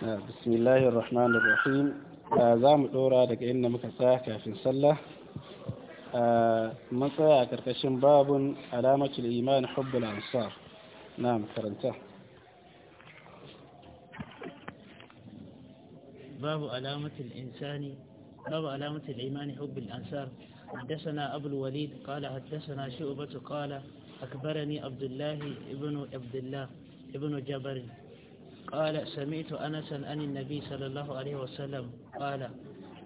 bismillahir rahmanir rahim za mu dora daga inda muka tsaya kafin sallah mun tsaya a karkashin babun alamatul iman hubbul ansar na'am karanta باب علامة الإنسان باب علامة الإيمان حب الأنصار حدثنا أبو الوليد قال حدثنا شعبة قال أكبرني عبد الله ابن عبد الله ابن جبر قال سمعت أنسا أن النبي صلى الله عليه وسلم قال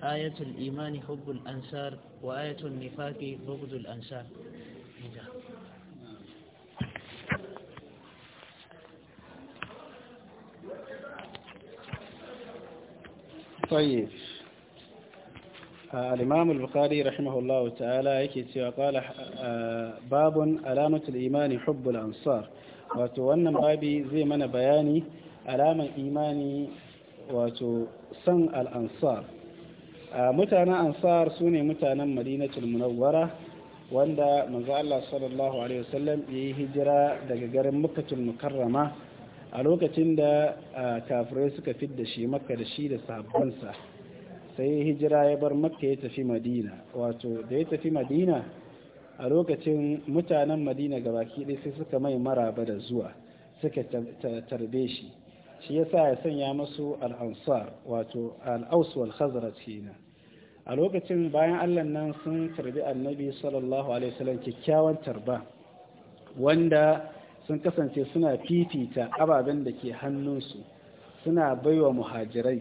آية الإيمان حب الأنصار وآية النفاق بغض الأنصار طيب الإمام البخاري رحمه الله تعالى يكتب وقال آه، باب علامة الإيمان حب الأنصار وتوانا بابي زي من بياني alaman imani wato san al'ansar mutanen ansar su ne mutanen madinatul munawwara wanda manzo Allah sallallahu alaihi wasallam ya yi hijira daga garin makkatul mukarrama a lokacin da kafirai suka fidda shi makka da shi da sahabbansa sai hijira ya bar makka ya tafi madina wato da ya tafi madina a lokacin mutanen madina gabaki ɗaya sai suka mai maraba da zuwa suka tarbe shi shi yasa ya sanya masu al'ansar wato al'ausu wal cina. a lokacin bayan Allah nan sun karbi annabi sallallahu alaihi wasallam kyakkyawan tarba wanda sun kasance suna fifita ababen da ke hannunsu suna baiwa muhajirai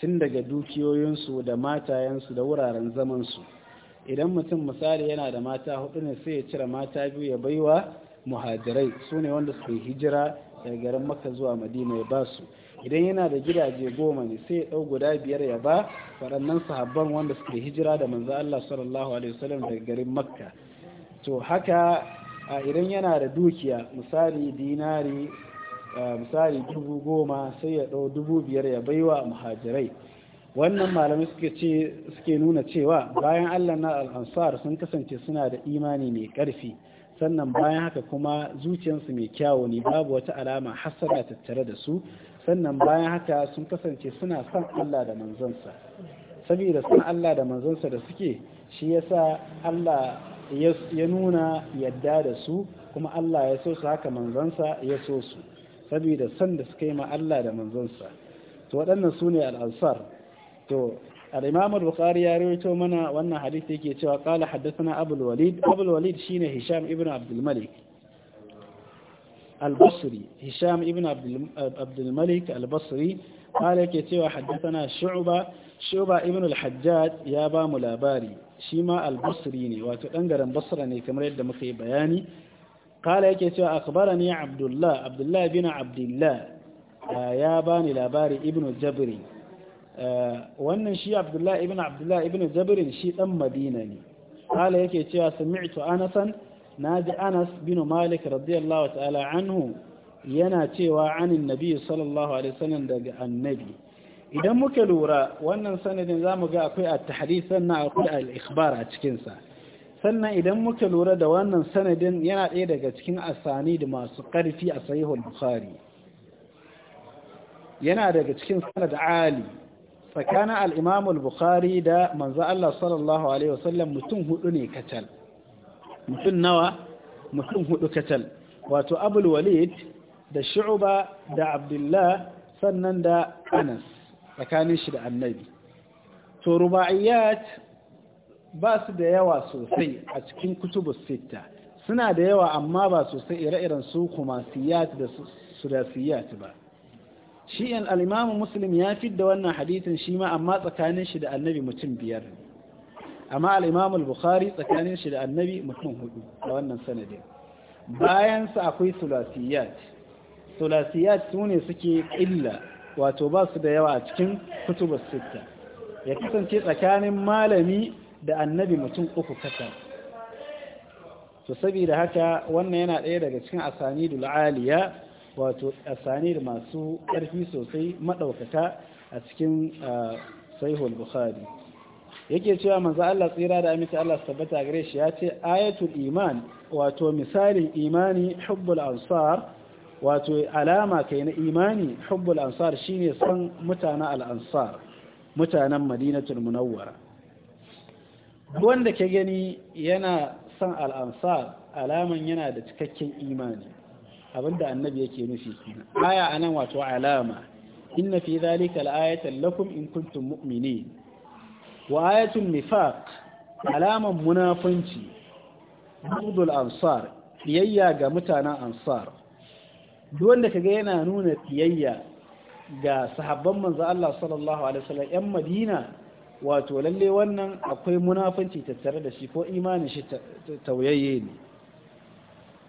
tun daga dukiyoyinsu da matayensu da wuraren zamansu idan mutum misali yana da mata hudu ne sai ya cire mata biyu ya baiwa muhajirai su ne wanda su hijira daga garin maka zuwa madina ya ba su idan yana da gidaje goma ne sai ya ɗau guda biyar ya ba waɗannan sahabban wanda suke hijira da manzo Allah sallallahu alaihi wasallam daga garin makka to haka idan yana da dukiya misali dinari misali dubu goma sai ya ɗau dubu biyar ya baiwa muhajirai wannan malamai suke ce suke nuna cewa bayan allah na al'ansar sun kasance suna da imani mai karfi sannan bayan haka kuma zuciyarsu mai kyawu ne babu wata alama hasara tattare da su sannan bayan haka sun kasance suna son Allah da manzansa saboda son Allah da manzansa da suke shi yasa Allah ya nuna yadda da su kuma Allah ya so su haka manzansa ya so su saboda son da suka yi ma Allah da manzansa to waɗannan su ne al'ansar to الإمام البخاري يرويته منا وأن حديث يكي قال حدثنا أبو الوليد أبو الوليد شين هشام ابن عبد الملك البصري هشام ابن عبد الملك البصري قال يكي حدثنا شعبة شعبة ابن الحجاج يابا ملاباري شيما البصري ني وتنقر بصرة ني كما يد مخي بياني قال يكي أخبرني عبد الله عبد الله بن عبد الله يابا لاباري ابن الجبري Eh, wannan shi abdullahi ibn abdullahi ibn jabirin shi dan madina ne kala yake cewa sami'tu anasan naji anas bin malik radiyallahu ta'ala anhu yana cewa anin nabi sallallahu alaihi wasallam daga annabi idan muka lura wannan sanadin zamu ga akwai at-tahdith sannan akwai al-ikhbar a cikin sa sannan idan muka lura da wannan sanadin yana ɗaya daga cikin asani da masu ƙarfi a sahihul bukhari yana daga cikin sanad ali tsakanin Al'imamul bukhari da manzo Allah sallallahu alaihi wasallam mutum hudu ne kacal mutum nawa mutum hudu kacal wato abul walid da shu'uba da abdullah sannan da anas tsakanin shi da annabi to ruba'iyat ba su da yawa sosai a cikin kutubus sitta suna da yawa amma ba sosai ire-iren su kumasiya da sudasiyat ba shi yan al'imamu muslim ya fidda wannan hadithin shi ma amma tsakanin shi da annabi mutum biyar amma al'imamu bukhari tsakanin shi da annabi mutum hudu da wannan sanadin bayan sa akwai sulasiyat sulasiyat su ne suke illa wato ba su da yawa a cikin kutuba sitta ya kasance tsakanin malami da annabi mutum uku kasa to saboda haka wannan yana ɗaya daga cikin asanidul aliya wato da masu ƙarfi sosai maɗaukata a cikin sahihul bukhari yake cewa manzo Allah tsira da amince Allah tabbata gare shi ya ce ayatul iman wato misalin imani hubbul ansar wato alama kai na imani hubbul ansar shine son mutanen al-ansar mutanen madinatul munawwara wanda ke gani yana son al-ansar alaman yana da cikakken imani abinda annabi yake nufi aya anan wato alama inna fi dhalika al-ayatan lakum in kuntum mu'minin wa ayatun nifaq alaman munafunci budul ansar fiyayya ga mutanen ansar duk wanda kaga yana nuna fiyayya ga sahabban manzo Allah sallallahu alaihi wasallam yan Madina wato lalle wannan akwai munafunci tattare da shi ko imanin shi tauyayye ne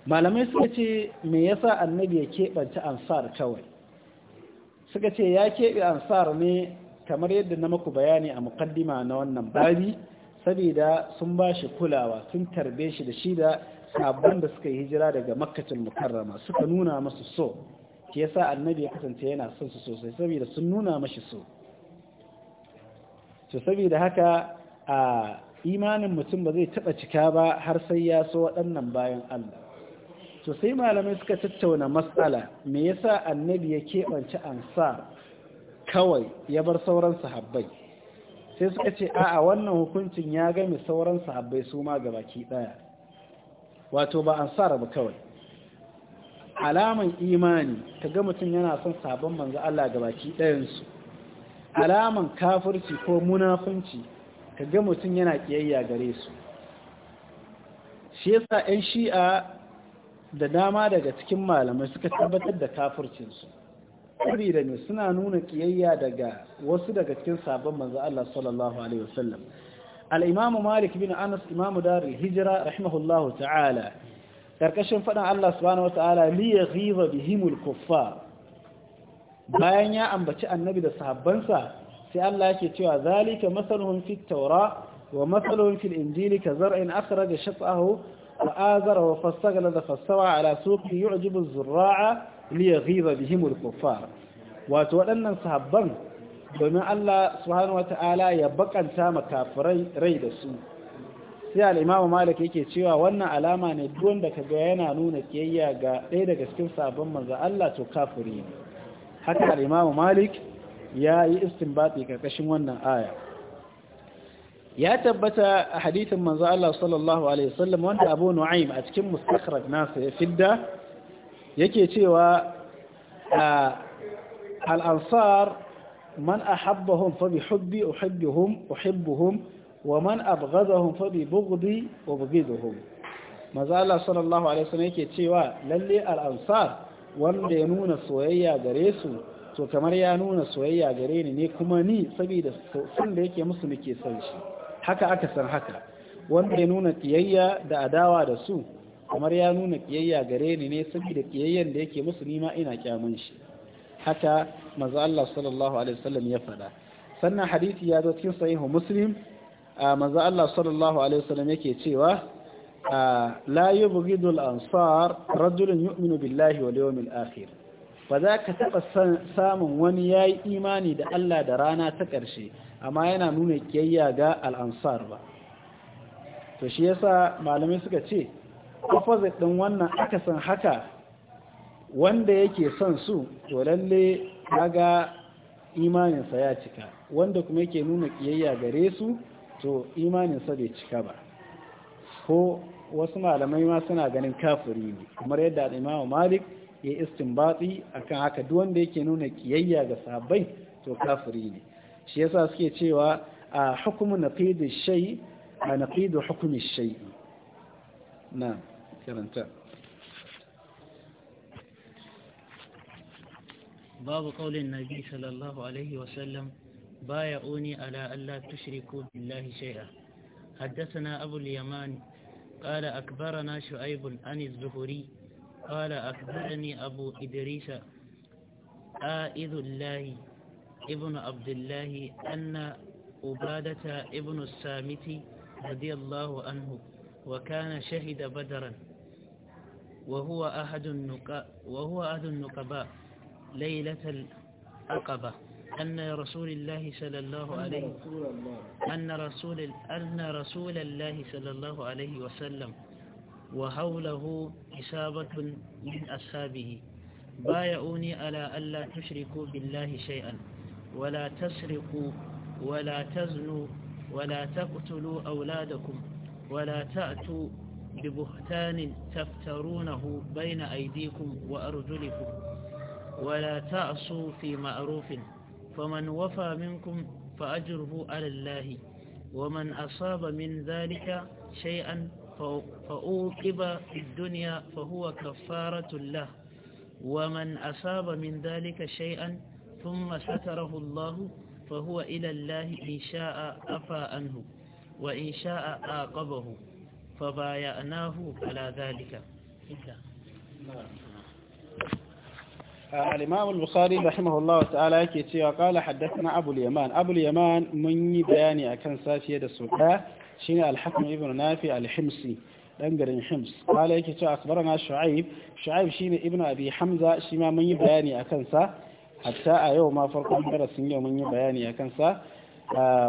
malamai suka ce me yasa annabi ya keɓanta ansar kawai suka ce ya keɓe ansar ne kamar yadda na maku bayani a mukaddima na wannan babi saboda sun ba shi kulawa sun tarbe shi da shi da sabon da suka yi hijira daga makkacin mukarrama suka nuna masu so ke yasa annabi ya kasance yana son su sosai saboda sun nuna mashi so to saboda haka a imanin mutum ba zai taɓa cika ba har sai ya so waɗannan bayan Allah to sai malamai suka tattauna matsala me yasa annabi ya keɓance ansar kawai ya bar sauran sahabbai sai suka ce a'a wannan hukuncin ya game sauran sahabbai su ma ga baki daya wato ba ansar ba kawai alaman imani kaga mutum yana son sabon manzo Allah ga baki ɗayansu. alaman kafirci ko munafunci kaga mutum yana ƙiyayya gare su shi yasa ɗan shi'a da dama daga cikin malamai suka tabbatar da kafircinsu da ne suna nuna kiyayya daga wasu daga cikin sabon manzo Allah sallallahu alaihi wasallam al-imam Malik bin Anas imam dar al-hijra ta'ala karkashin fadan Allah subhanahu wata'ala li yaghiza bihimul kuffar bayan ya ambaci annabi da sahabbansa sai Allah yake cewa zalika masaluhum fit tawra wa masaluhum fil injili ka zar'in akhraja shat'ahu وآذره وفاستغلظ فاستوى على سوقه يعجب الزراع ليغيظ بهم الكفار waɗannan sahabban domin Allah subhanahu wata'ala ya bakanta makafirai rai da su sai al malik yake cewa wannan alama ne duk wanda kaga yana nuna kiyayya ga ɗaya daga cikin sabon manza, Allah to kafuri ne haka al malik ya yi istinbati ƙarƙashin wannan aya ya tabbata a hadithin manzo Allah sallallahu alaihi wasallam wanda Abu Nu'aym a cikin mustakhraj nasa ya fidda yake cewa al-ansar man ahabbahum fa bi hubbi uhibbuhum uhibbuhum wa man abghadahum fa bi bughdi ubghiduhum manzo Allah sallallahu alaihi wasallam yake cewa lalle al-ansar wanda ya nuna soyayya gare su to kamar ya nuna soyayya gare ni ne kuma ni saboda sun da yake musu muke son shi haka aka san haka wanda ya nuna kiyayya da adawa da su kamar ya nuna kiyayya gare ni ne saboda kiyayyan da yake musu nima ina kyamun shi haka manzo Allah sallallahu alaihi wasallam ya faɗa sannan hadisi ya zo cikin sahihu muslim manzo Allah sallallahu alaihi wasallam yake cewa la yubghidul ansa rajulun yu'minu billahi wal yawmil akhir ba za ka taɓa samun wani ya yi imani da Allah da rana ta ƙarshe amma yana nuna kiyayya ga al'ansar ba to shi yasa malamai suka ce opposite ɗin wannan aka san haka wanda yake son su to lalle ga imaninsa ya cika wanda kuma yake nuna kiyayya gare su to imaninsa bai cika ba ko wasu malamai ma suna ganin kafuri ne kamar yadda imamu malik ya istin batsi akan haka duk wanda yake nuna kiyayya ga sabai to kafuri ne shi yasa suke cewa a hukumu naqidu shay a naqidu hukumi shay na karanta babu kaulin nabi sallallahu alaihi wasallam بايعوني على ألا تشركوا بالله شيئا حدثنا أبو اليمان قال أكبرنا شعيب عن الزهري قال أكبرني أبو إدريس آئذ الله ابن عبد الله أن أبادة ابن السامت رضي الله عنه وكان شهد بدرا وهو أحد النقاء وهو أحد النقباء ليلة العقبة أن رسول الله صلى الله عليه أن رسول أن رسول الله صلى الله عليه وسلم وحوله إصابة من أصحابه بايعوني على ألا تشركوا بالله شيئا ولا تسرقوا ولا تزنوا ولا تقتلوا أولادكم ولا تأتوا ببهتان تفترونه بين أيديكم وأرجلكم ولا تعصوا في معروف فمن وفى منكم فأجره على الله ومن أصاب من ذلك شيئا فأوقب في الدنيا فهو كفارة له ومن أصاب من ذلك شيئا ثم ستره الله فهو إلى الله إن شاء أفى عنه وإن شاء عاقبه فبايعناه على ذلك الإمام البخاري رحمه الله تعالى كتير قال حدثنا أبو اليمان أبو اليمان مني بياني أكن ساسية السوداء شين الحكم ابن نافع الحمصي دنجرين حمص قال كتير أخبرنا شعيب شعيب شين ابن أبي حمزة شما مني بياني أكن ساسية hatta a yau ma farkon darasin yau mun yi bayani a kansa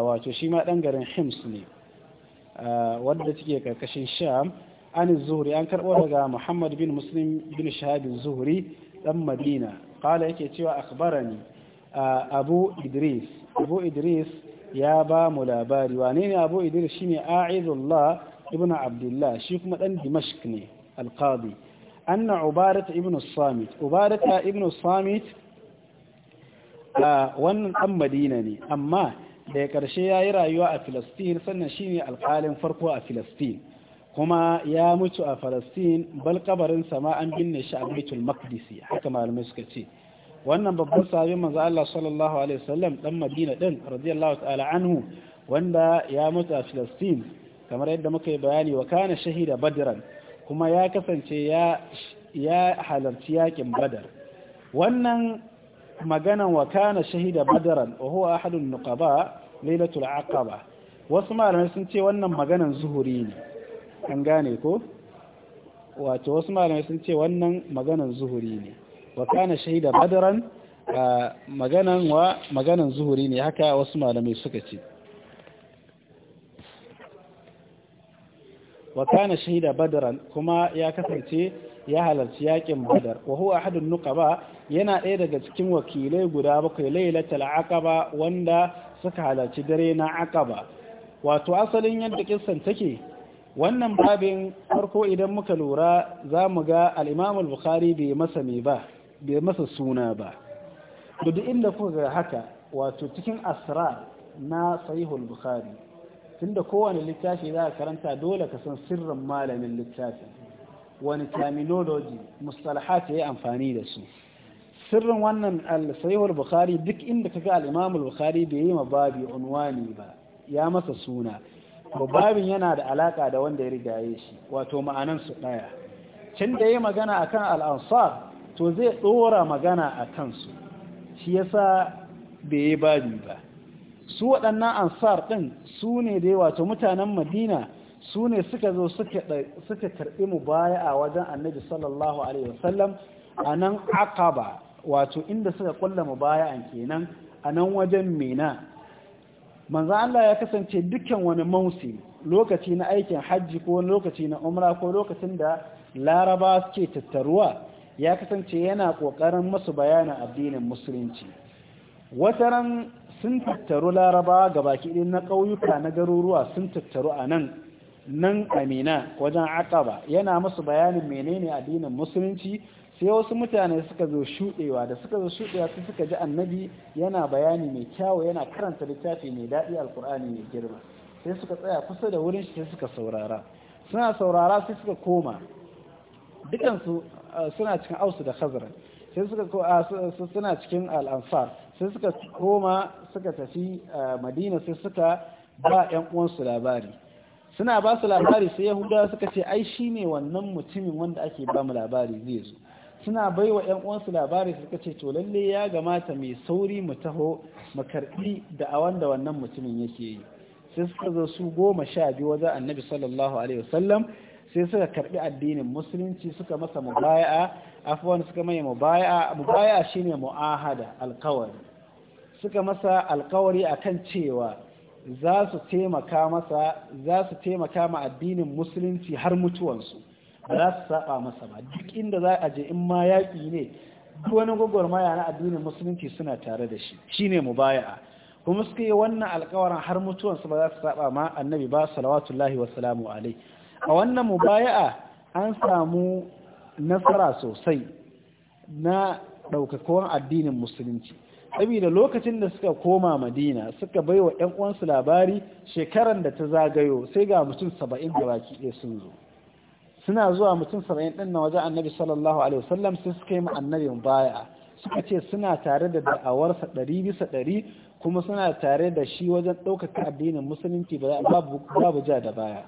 wato shi ma ɗan garin hims ne wadda take karkashin sham an zuhri an karɓo daga muhammad bin muslim bin shahabin zuhri ɗan madina kala yake cewa akbarani abu idris abu idris ya ba mu labari wane ne abu idris shine a'idullah ibn abdullah shi kuma ɗan dimashq ne alqadi anna ubarata ibn samit ubarata ibn samit wannan ɗan madina ne amma da ƙarshe ya yi rayuwa a filistin sannan shi ne alƙalin farko a filistin kuma ya mutu a filistin bal kabarinsa an binne shi a baitul haka malamai suka ce wannan babban sahabin manzo Allah sallallahu alaihi wasallam dan madina din radiyallahu ta'ala anhu wanda ya mutu a filistin kamar yadda muka yi bayani wa kana shahida badran kuma ya kasance ya ya halarci yakin badar wannan magana wa kana shahida badaran wa huwa ahadun nuqaba lailatul aqaba wasu malamai sun ce wannan maganan zuhuri ne an gane ko wato wasu malamai sun ce wannan maganan zuhuri ne wa kana shahida badaran maganan wa maganan zuhuri ne haka wasu malamai suka ce wa kana shahida badaran kuma ya kasance ya halarci yakin badar wa huwa ahadun nuqaba yana ɗaya daga cikin wakilai guda bakwai lailatul aqaba wanda suka halarci dare na aqaba wato asalin yadda kissan take wannan babin farko idan muka lura za mu ga al-imam al-bukhari bai masa ba bai masa suna ba duk inda kuka ga haka wato cikin asrar na sahihul bukhari tunda kowane littafi za a karanta dole ka san sirrin malamin littafin wani terminology mustalahat ya yi amfani da su sirrin wannan al-sahihul bukhari duk inda kaga al-imam al-bukhari bai yi babi unwani ba ya masa suna to babin yana da alaka da wanda ya rigaye shi wato ma'anan su daya can da ya magana akan al-ansar to zai dora magana akan su shi yasa bai yi babi ba su waɗannan ansar din su ne dai wato mutanen madina su ne suka zo suka karɓi mu baya a wajen annabi sallallahu alaihi wasallam a nan akaba wato inda suka kulla mu baya an kenan a nan wajen mina manzan Allah ya kasance dukkan wani mausi lokaci na aikin hajji ko lokaci na umra ko lokacin da laraba suke tattaruwa ya kasance yana kokarin masu bayanin addinin musulunci wataran sun tattaru laraba ga baki ɗin na ƙauyuka na garuruwa sun tattaru a nan nan amina wajen aqaba yana musu bayanin menene addinin musulunci sai wasu mutane suka zo shudewa da suka zo shudewa su suka ji annabi yana bayani mai kyawu yana karanta littafi mai daɗi alkur'ani mai girma sai suka tsaya kusa da wurin shi sai suka saurara suna saurara sai suka koma dukansu uh, suna cikin ausu da khazra sai suka uh, suna cikin al'ansar sai suka koma suka tafi uh, madina sai suka ba 'yan uwansu labari suna ba su labari sai yahudawa suka ce ai shi ne wannan mutumin wanda ake ba mu labari zai zo suna bai wa uwansu labari suka ce to lalle ya gamata mai sauri mu taho mu karbi da a wanda wannan mutumin yake yi sai suka zo su goma sha biyu wajen annabi sallallahu alaihi wasallam sai suka karɓi addinin musulunci suka masa mubaya'a afwan suka mai mubaya'a mubaya'a shine mu'ahada alkawari suka masa alkawari akan cewa za su taimaka masa za su taimaka ma addinin musulunci har mutuwansu ba za su saba masa ba duk inda za a je in ma yaƙi ne duk wani gwagwarmaya na addinin musulunci suna tare da shi shine mubaya'a kuma suka yi wannan alkawarin har mutuwansu ba za su saba ma annabi ba salawatullahi wa salamu alai a wannan mubaya'a an samu nasara sosai na ɗaukakuwan addinin musulunci saboda lokacin da suka koma madina suka bai wa ‘yan uwansu labari shekaran da ta zagayo sai ga mutum saba'in da baki ɗaya sun zo suna zuwa mutum saba'in ɗin na waje annabi sallallahu alaihi wasallam sai suka yi annabin baya suka ce suna tare da da'awarsa ɗari bisa ɗari kuma suna tare da shi wajen ɗaukaka addinin musulunci babu ja da baya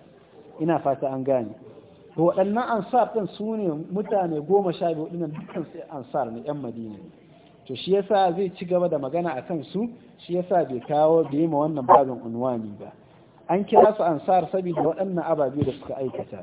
ina fata an gane to waɗannan ansar ɗin su ne mutane goma sha biyu ɗinan dukkan ansar ne ‘yan madina ne to shi yasa zai ci gaba da magana a kan su shi yasa bai kawo da yi ma wannan babin unwani ba an kira su ansar saboda waɗannan ababe da suka aikata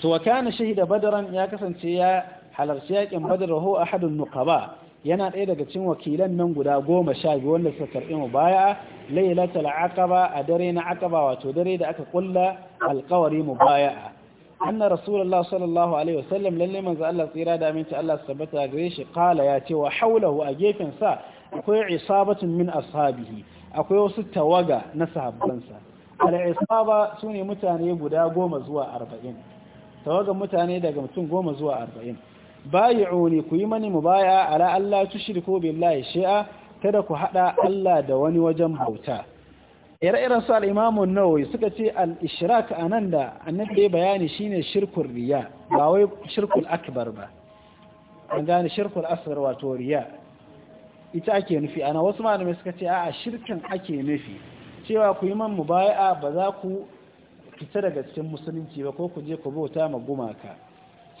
to wa kana shahida badaran ya kasance ya halarci yakin badar ho hadin nuqaba yana ɗaya daga cikin wakilan nan guda goma sha biyu wanda suka karɓi mu baya lailatul aqaba a dare na aqaba wato dare da aka kulla alƙawari mu baya'a. anna rasulullah sallallahu alaihi wasallam lalle manzo Allah tsira da aminci Allah tabbata gare shi kala ya ce wa haulahu a gefen sa akwai isabatun min ashabihi akwai wasu tawaga na sahabbansa al-isaba sune mutane guda goma zuwa arba'in tawaga mutane daga mutum goma zuwa arba'in bayi'uni ku yi mani mubaya ala Allah tushriku billahi shay'a kada ku haɗa Allah da wani wajen bauta ire-iren su al'imamun nawai suka ce al'ishirak a nan da annabi bayani shine shirkul riya ba wai shirkul akbar ba an gane shirkul asar wato riya ita ake nufi ana wasu malamai suka ce a shirkin ake nufi cewa ku yi man mubaya ba za ku fita daga cikin musulunci ba ko ku je ku bauta ma gumaka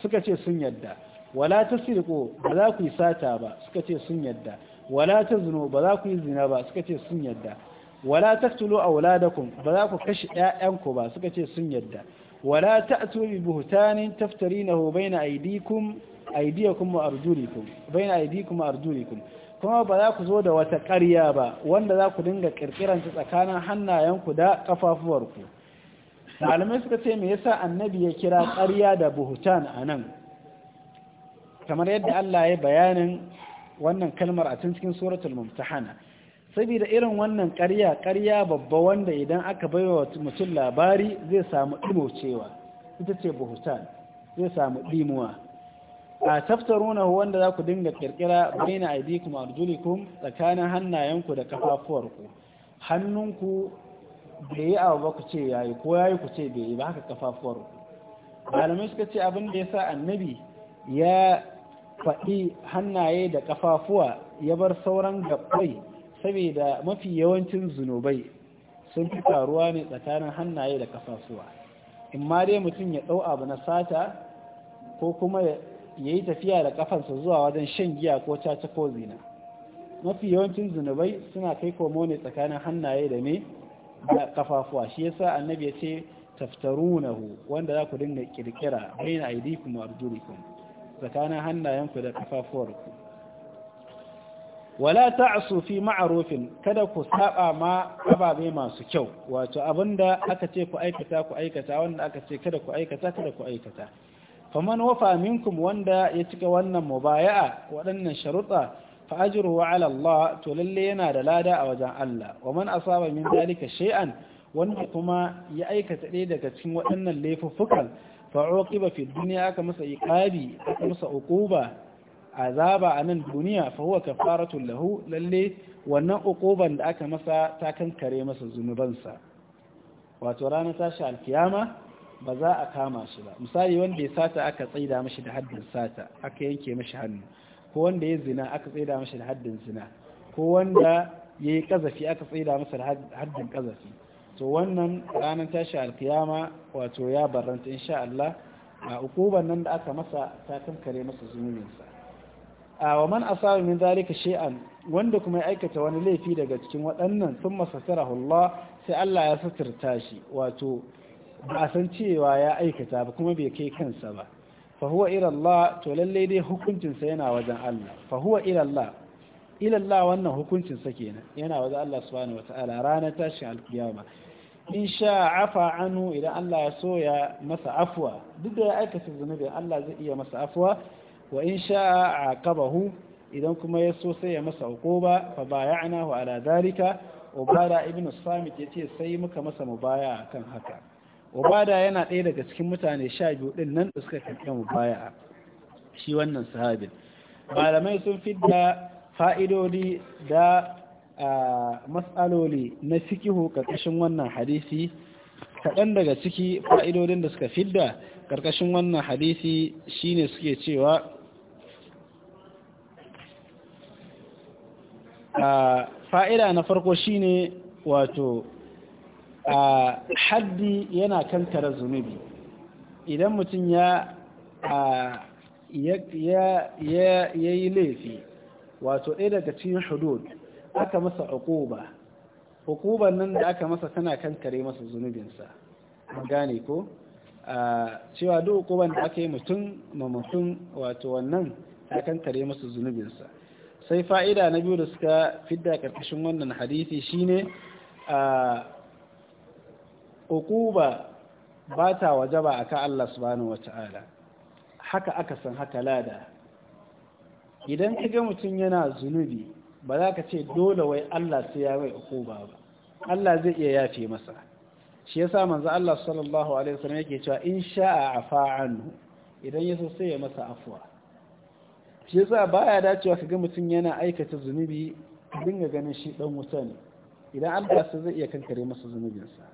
suka ce sun yadda wala ta sirko ba za ku yi sata ba suka ce sun yadda wala ta zino ba za ku yi zina ba suka ce sun yadda wala taqtulu auladakum ba za ku kashi ƴaƴanku ba suka ce sun yadda wala ta'tu bi buhtanin taftarinahu baina aydikum aydiyakum wa arjulikum baina aydikum wa kuma ba za ku zo da wata ƙarya ba wanda za ku dinga kirkiran ta tsakanin hannayenku da kafafuwarku malamai suka ce me yasa annabi ya kira ƙarya da buhutan anan kamar yadda Allah ya bayanin wannan kalmar a cikin suratul mumtahana saboda irin wannan ƙarya ƙarya babba wanda idan aka bai wa mutum labari zai samu ɗimocewa ita ce buhutan zai samu ɗimuwa a taftaruna wanda za ku dinga ƙirƙira baina aidikum arjulikum tsakanin hannayenku da kafafuwarku hannunku bai yi abu ba ku ce yayi ko yayi ku ce bai yi ba haka kafafuwarku malamai suka ce abin da ya sa annabi ya faɗi hannaye da kafafuwa ya bar sauran gaɓɓai saboda mafi yawancin zunubai sun fi faruwa ne tsakanin hannaye da kafasuwa in ma dai mutum ya ɗau abu na sata ko kuma ya yi tafiya da kafansa zuwa wajen shan giya ko caca ko zina mafi yawancin zunubai suna kai komo ne tsakanin hannaye da me da kafafuwa shi yasa annabi ya ce taftarunahu wanda za ku dinga kirkira bayna aydikum wa arjulikum tsakanin hannayenku da kafafuwarku wala ta'su fi ma'rufin kada ku saba ma ababe masu kyau wato abinda aka ce ku aikata ku aikata wanda aka ce kada ku aikata kada ku aikata faman wafa minkum wanda ya cika wannan mubaya'a waɗannan sharuɗa fa ajruhu 'ala Allah to lalle yana da lada a wajen Allah wa man asaba min dalika shay'an wanda kuma ya aikata ɗaya daga cikin waɗannan laifuffukan fa uqiba fi dunya aka masa iqabi aka masa uquba azaba a nan duniya fa huwa kafaratun lahu lalle wannan ukuban da aka masa ta kankare masa zunubansa wato ranar tashi alkiyama ba za a kama shi ba misali wanda ya sata aka tsaida mashi da haddin sata aka yanke mashi hannu ko wanda ya zina aka tsaida mashi da haddin zina ko wanda ya yi kazafi aka tsaida masa da haddin kazafi to wannan ranar tashi alkiyama wato ya barranta insha Allah a ukuban nan da aka masa ta kankare masa zunubinsa a wa man asaba min zalika shay'an wanda kuma ya aikata wani laifi daga cikin waɗannan sun masatarahu Allah sai Allah ya suturta shi wato ba a san cewa ya aikata ba kuma bai kai kansa ba fa huwa ila Allah to lalle dai hukuncin sa yana wajen Allah fa huwa ila Allah ila Allah wannan hukuncin sa kenan yana wajen Allah subhanahu wataala ranar tashin alkiyama in sha afa anu idan Allah ya so ya masa afwa duk da ya aikata zunubi Allah zai iya masa afwa wa in sha'a a kabahu idan kuma ya so sai ya masa ba fa wa ala dalika ubada ibn samit yace sai muka masa mubaya kan haka ubada yana ɗaya daga cikin mutane 12 din nan da suka karɓi mubaya shi wannan sahabin malamai sun fidda fa'idodi da masaloli na fikihu karkashin wannan hadisi kaɗan daga ciki fa'idodin da suka fidda karkashin wannan hadisi shine suke cewa fa'ida na farko shi ne wato haddi yana kan tara zunubi idan mutum ya ya yi laifi wato ɗaya daga cikin hudud aka masa hukuba hukuban nan da aka masa tana kan kare masa zunubinsa gane ko cewa duk hukuban da aka yi mutum ma mutum wato wannan ta kankare masa zunubinsa sai fa'ida na biyu da suka fidda ƙarƙashin wannan hadisi shine a uquba ba ta waje ba a ka Allah subhanahu wata'ala haka aka san haka lada idan ka ga mutum yana zunubi ba za ka ce dole wai Allah sai ya mai uquba ba Allah zai iya yafe masa shi ya yasa manza Allah sallallahu alaihi wasallam yake cewa in sha'a a hannu idan yaso sai ya masa afuwa. shi yasa baya dacewa ga mutum yana aikata zunubi dinga ganin shi dan wuta ne idan Allah sai zai iya kankare masa zunubinsa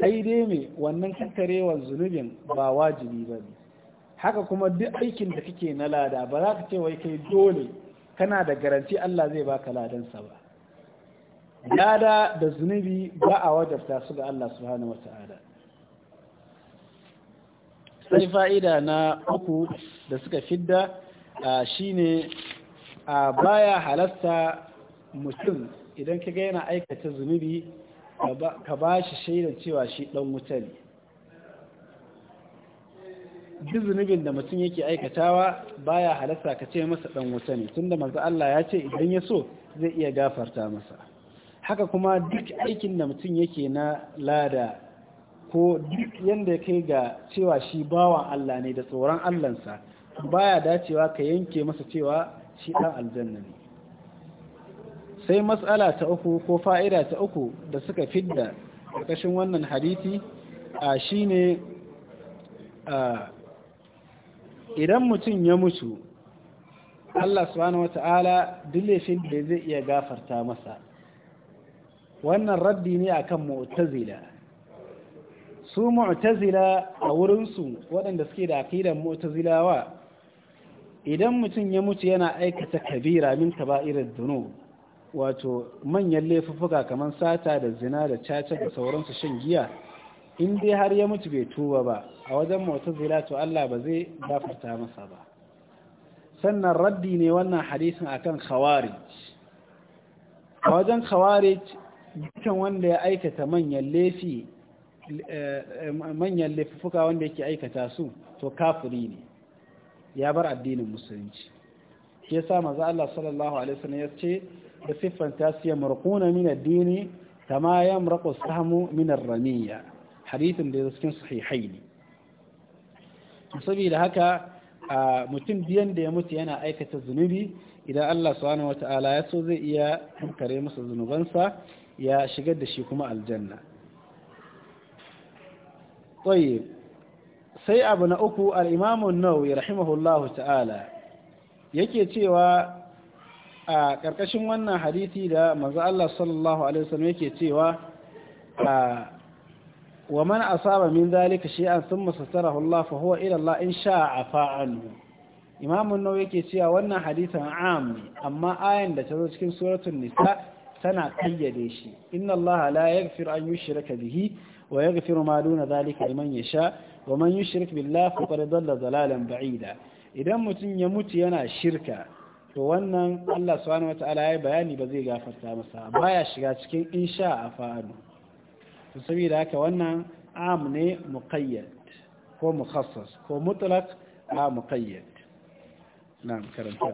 sai dai me wannan kankarewar zunubin ba wajibi ba ne haka kuma duk aikin da kake na lada ba za ka ce wai kai dole kana da garanti Allah zai baka ladansa ba lada da zunubi ba a wajabta su ga Allah subhanahu wata'ala sai fa'ida na uku da suka fidda shi shine baya halasta mutum idan ka gaina aikata zunubi ka ba shi shaidar cewa shi dan wuta ne duk zunubin da mutum yake aikatawa baya halasta ka ce masa dan wuta ne tunda manzo Allah ya ce idan ya so zai iya gafarta masa haka kuma duk aikin da mutum yake na lada ko duk yanda kai ga cewa shi bawan Allah ne da tsoron Allahnsa baya dacewa ka yanke masa cewa shi ɗan aljanna ne sai matsala ta uku ko fa'ida ta uku da suka fidda ƙarƙashin wannan hadisi a shi ne idan mutum ya mutu Allah subhanahu wata'ala dillefin da zai iya gafarta masa wannan raddi ne akan mu'tazila su mu'tazila a wurinsu waɗanda suke da aqidar mu'tazilawa idan mutum ya mutu yana aikata kabira min kaba'irar duno wato manyan laifuffuka kamar sata da zina da caca da sauransu shan giya in dai har ya mutu bai tuba ba a wajen mu'tazila to Allah ba zai gafarta masa ba sannan raddi ne wannan hadisin akan khawarij a wajen khawarij dukkan wanda ya aikata manyan laifi eh, eh, manyan laifuffuka wanda yake aikata su to kafuri ne ya bar addinin musulunci shi yasa maza Allah sallallahu alaihi wasallam ya ce da siffan siya marquna min addini kama yamraqu sahmu min ar-ramiya hadithin da yake cikin sahihaini saboda haka mutum biyan da ya mutu yana aikata zunubi idan Allah subhanahu wata'ala ya so zai iya kare masa zunubansa ya shigar da shi kuma aljanna طيب sai abu na uku al'imamun nawawi rahimahullahu ta'ala yake cewa a ƙarƙashin wannan hadisi da maza Allah sallallahu alaihi wasallam yake cewa wa mana asaba min zalika an thumma satarahu Allah fa huwa ila Allah in sha'a fa'alhu imamun nawawi yake cewa wannan hadisin am ne amma ayan da ta zo cikin suratul nisa tana kayyade shi inna Allah la yaghfiru an yushraka bihi ويغفر ما دون ذلك لمن يشاء ومن يشرك بالله فقد ضل ضلالا بعيدا idan mutum ya mutu yana shirka to wannan Allah subhanahu wataala ya bayani ba zai gafarta masa baya shiga cikin insha a to saboda haka wannan am ne muqayyad ko mukhassas ko mutlaq a muqayyad na'am karanta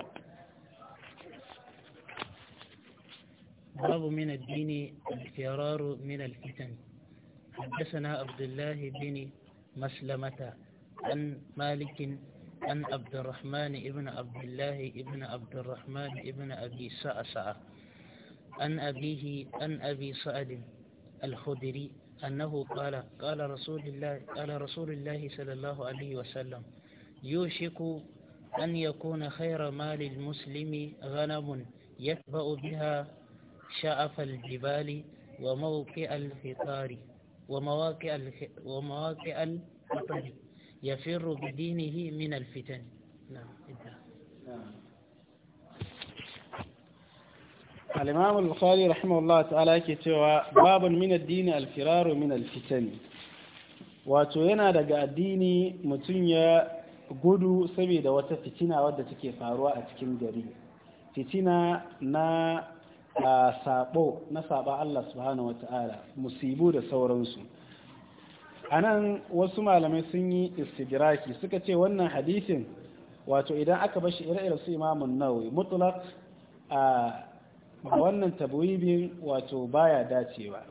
babu min ad-dini al-firaru min al-fitan حدثنا عبد الله بن مسلمة عن مالك عن عبد الرحمن ابن عبد الله ابن عبد الرحمن ابن أبي سعسعة عن أبيه عن أبي سعد الخدري أنه قال قال رسول الله قال رسول الله صلى الله عليه وسلم يوشك أن يكون خير مال المسلم غنم يتبأ بها شعف الجبال وموقع الفطار ومواقع ومواقع الخطر يفر بدينه من الفتن نعم الإمام البخاري رحمه الله تعالى كتوى باب من الدين الفرار من الفتن wato yana daga addini mutum ya gudu saboda wata fitina wadda take faruwa a cikin gari fitina na a sabo na saba Allah subhanahu wata'ala musibu da sauransu a nan wasu malamai sun yi istidraki suka ce wannan hadisin wato idan aka bashi ire-ire su imamun nawawi mutlaq a wannan tabwibin wato baya dacewa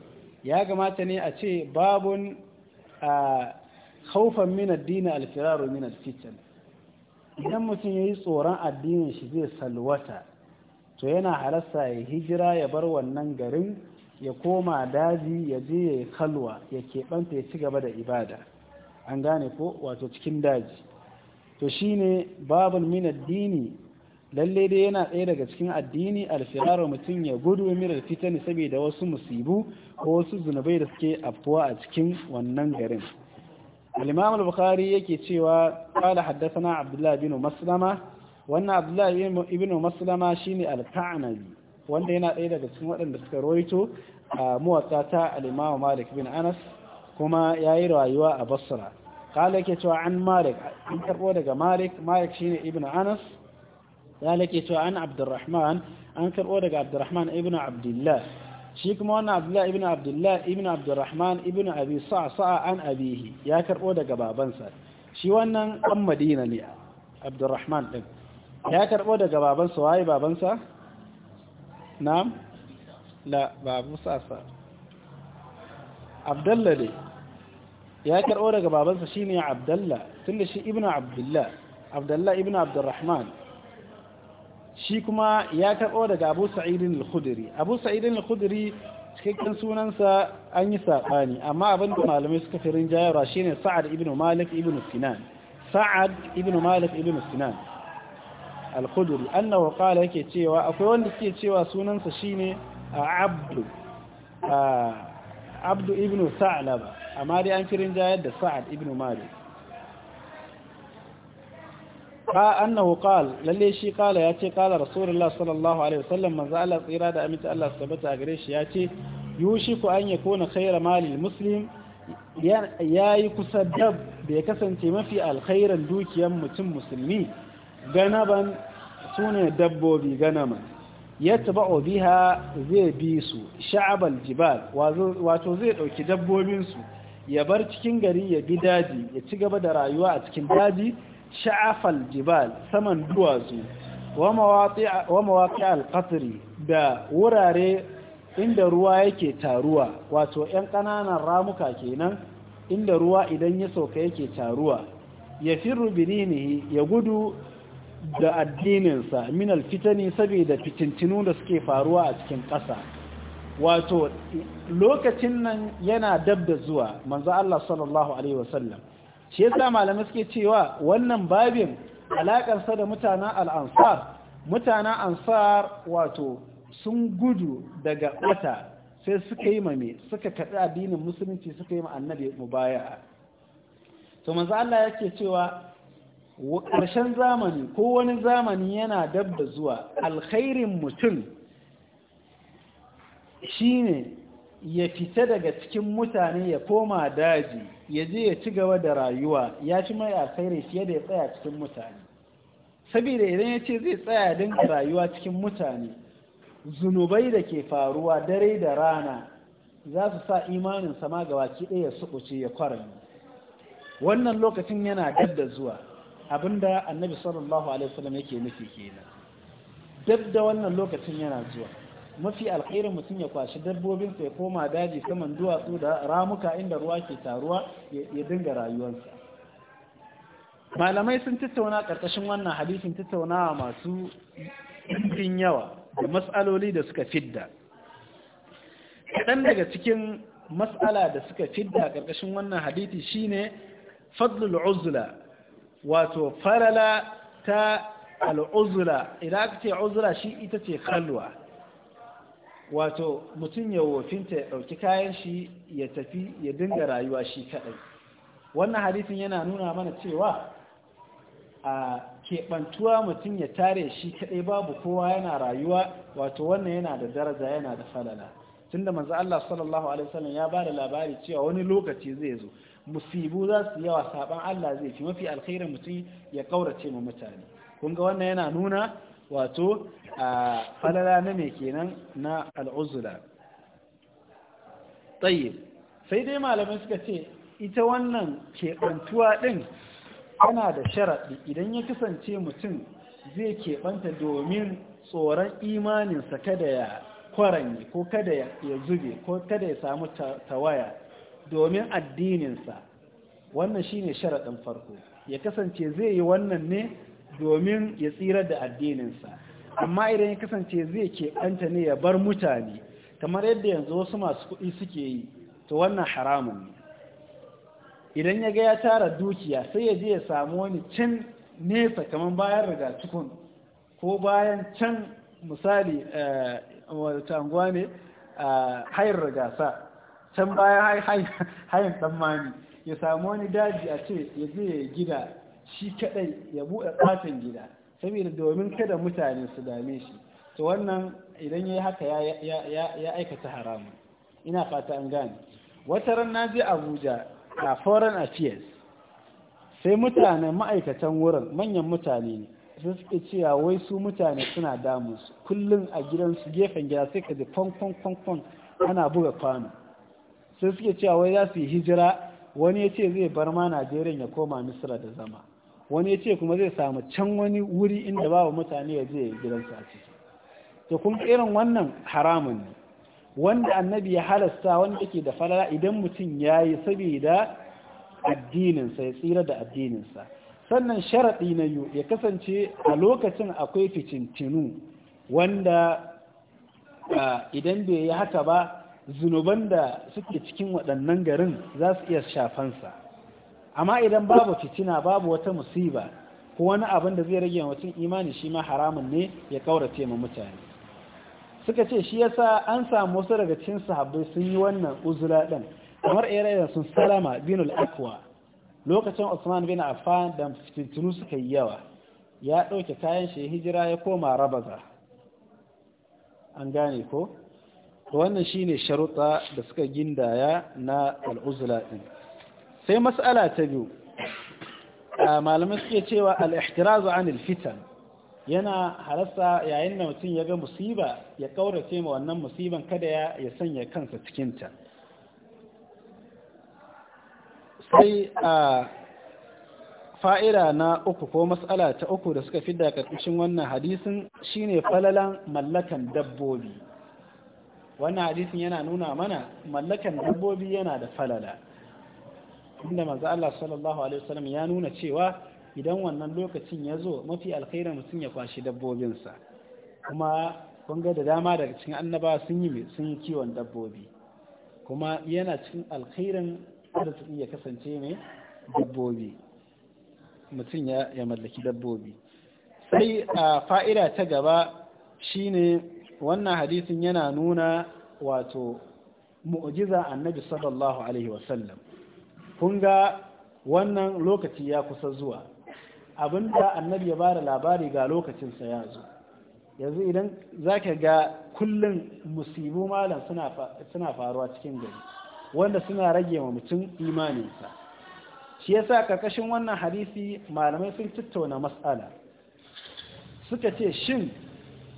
ya gamata ne a ce babun a haufan min addini alfiraru min alfitan idan mutum yayi tsoron addinin shi zai salwata to yana halasta ya hijira ya bar wannan garin ya koma daji ya je ya kalwa ya keɓanta ya ci gaba da ibada an gane ko wato cikin daji to shine babul min addini lalle dai yana ɗaya daga cikin addini alfiraru mutum ya gudu min fitani saboda wasu musibu ko wasu zunubai da suke afuwa a cikin wannan garin الإمام البخاري al-bukhari yake cewa عبد الله abdullah bin wannan abdullahi ibn maslama shine al tanabi wanda yana ɗaya daga cikin waɗanda suka roito a muwatsa ta al-imamu malik bin anas kuma yayi rayuwa a basra kala yake cewa an malik an karbo daga malik malik shine ibn anas kala yake cewa an abdurrahman an karbo daga abdurrahman ibn abdullah shi kuma wannan abdullahi ibn abdullah ibn abdurrahman ibn abi sa'sa an abihi ya karbo daga babansa shi wannan an madina ne abdurrahman din ya karbo daga babansa waye babansa na'am la babu sasa abdalla ne ya karbo daga babansa shine abdalla tunda shi ibnu abdullah abdalla ibnu abdurrahman shi kuma ya karbo daga abu sa'idin al-khudri abu sa'idin al-khudri cikakken sunansa an yi saɓani amma abin da malamai suka fi shi shine sa'ad ibn malik ibn sinan sa'ad ibn malik ibn sinan al-khudri annahu qala yake cewa akwai wanda suke cewa sunansa shine abdu abdu ibnu sa'laba amma dai an kirin jayar da sa'ad ibnu malik ba annahu qala lalle shi qala yace qala rasulullah sallallahu alaihi wasallam manzo Allah tsira da aminta Allah tabbata gare shi yace yushiku an yakuna khayra malil muslim yayi kusa dab da ya kasance mafi alkhairan dukiyar mutum musulmi ganaban su ne dabbobi ganaman ya taba zai bi su sha'abal jibal wato zai ɗauki dabbobinsu ya bar cikin gari ya bi daji ya ci gaba da rayuwa a cikin daji sha'afal jibal saman duwatsu wa mawaƙi alƙasiri da wurare inda ruwa yake taruwa wato 'yan ƙananan ramuka kenan inda ruwa idan ya sauka yake taruwa ya firru ne ya gudu da addininsa min alfitani saboda fitintinu da suke faruwa a cikin ƙasa wato lokacin nan yana dab da zuwa manzo Allah sallallahu alaihi wasallam shi yasa malamai suke cewa wannan babin alakarsa da mutanen al-ansar mutanen ansar wato sun gudu daga wata sai suka yi mame suka kaɗi addinin musulunci suka yi ma annabi mubaya'a to manzo Allah yake cewa ƙarshen zamani ko wani zamani yana dab zuwa alkhairin mutum shine ya fita daga cikin mutane ya koma daji ya je ya ci gaba da rayuwa ya ci mai alkhairi fiye da ya tsaya cikin mutane saboda idan ya ce zai tsaya din rayuwa cikin mutane zunubai da ke faruwa dare da rana za su sa imanin sama waki ɗaya su ya kwaranyi wannan lokacin yana dab zuwa abinda annabi sallallahu alaihi wasallam yake nufi kenan dab da wannan lokacin yana zuwa mafi alkhairin mutum ya kwashi dabbobin ya koma daji saman duwatsu da ramuka inda ruwa ke taruwa ya dinga rayuwarsa malamai sun tattauna karkashin wannan hadisin tattaunawa masu ɗin yawa da matsaloli da suka fidda kaɗan daga cikin matsala da suka fidda karkashin wannan hadisi shine fadlul uzla wato falala ta al'uzula idan aka ce uzula shi ita ce kalwa wato mutum ya wofinta ya ɗauki kayan shi ya tafi ya dinga rayuwa shi kaɗai wannan hadithin yana nuna mana cewa a keɓantuwa mutum ya tare shi kaɗai babu kowa yana rayuwa wato wannan yana da daraja yana da falala tunda manzo Allah sallallahu alaihi wasallam ya ba da labari cewa wani lokaci zai zo musibu za su yawa saban Allah zai fi mafi alkhairin mutum ya kaurace mu mutane kun ga wannan yana nuna wato a falala na me kenan na al'uzula tsayi sai dai malamai suka ce ita wannan keɓantuwa ɗin ana da sharaɗi idan ya kasance mutum zai keɓanta domin tsoron imaninsa kada ya kwaranye ko kada ya zube ko kada ya samu tawaya domin addininsa wannan shi ne sharaɗin farko ya kasance zai yi wannan ne domin ya tsira da addininsa amma idan ya kasance zai keɓanta ne ya bar mutane kamar yadda yanzu wasu masu kuɗi suke yi to wannan haramun ne idan ya ga ya tara dukiya sai ya je ya samu wani can nesa kamar bayan rigatukun ko bayan can misali eh, wata anguwa ne eh, hayar rigasa can bayan hayan tsammani ya samu wani daji a ce ya je gida shi kadai ya buɗe ƙaton gida saboda domin kada mutane su dame shi to wannan idan ya yi haka ya aikata haramun ina fata an gane wata ran na abuja a foreign affairs sai mutane ma'aikatan wurin manyan mutane ne sun suke cewa wai su mutane suna su. kullum a gidansu gefen gida sai ka ji kwan ana buga kwano sai suke cewa wai za su yi hijira wani ya ce zai bar ma najeriya ya koma misira da zama wani ya ce kuma zai samu can wani wuri inda babu mutane ya je gidansa a ciki to kun irin wannan haramun ne wanda annabi ya halasta wanda yake da falala idan mutum ya yi saboda addininsa ya tsira da addininsa sannan sharaɗi na yiwu ya kasance a lokacin akwai ficintinu wanda ah, idan bai yi haka ba zunuban da suke cikin waɗannan garin za su iya shafansa amma idan babu fitina babu wata musiba ko wani abin da zai rage mutum imani shi ma haramun ne ya kaurace ma mutane suka ce shi yasa an samu wasu daga cikin sahabbai sun yi wannan uzura ɗin, kamar irin sun salama bin al-aqwa lokacin Usman bin Affan da fitinu suka yi yawa ya dauke kayan shi hijira ya koma Rabaza an gane ko wannan shine sharuɗa da suka gindaya na al'uzla ɗin sai matsala ta biyu a malamin suke cewa al'ihtirazu an fitan yana harasa yayin da mutum ya ga musiba ya ƙaurace ma wannan musiban kada ya sanya kansa cikinta sai a fa'ida na uku ko matsala ta uku da suka fi da ƙarƙashin wannan hadisin shine falalan mallakan dabbobi wannan hadisin yana nuna mana mallakan dabbobi yana da falala inda manzo Allah sallallahu alaihi wasallam ya nuna cewa idan wannan lokacin ya zo mafi alkhairin mutum ya kwashi dabbobinsa kuma kun ga da dama daga cikin annaba sun yi sun kiwon dabbobi kuma yana cikin alkhairin su ya kasance mai dabbobi mutum ya mallaki dabbobi sai a fa'ida ta gaba shine wannan hadisin yana nuna wato mu'jiza annabi sallallahu alaihi wasallam kun ga wannan lokaci ya kusa zuwa abinda annabi ya bada labari ga lokacinsa ya zo yanzu idan zaka ga kullum musibu malam suna faruwa cikin gari wanda suna rage wa mutum imaninsa shi yasa karkashin wannan hadisi malamai sun tattauna matsala suka ce shin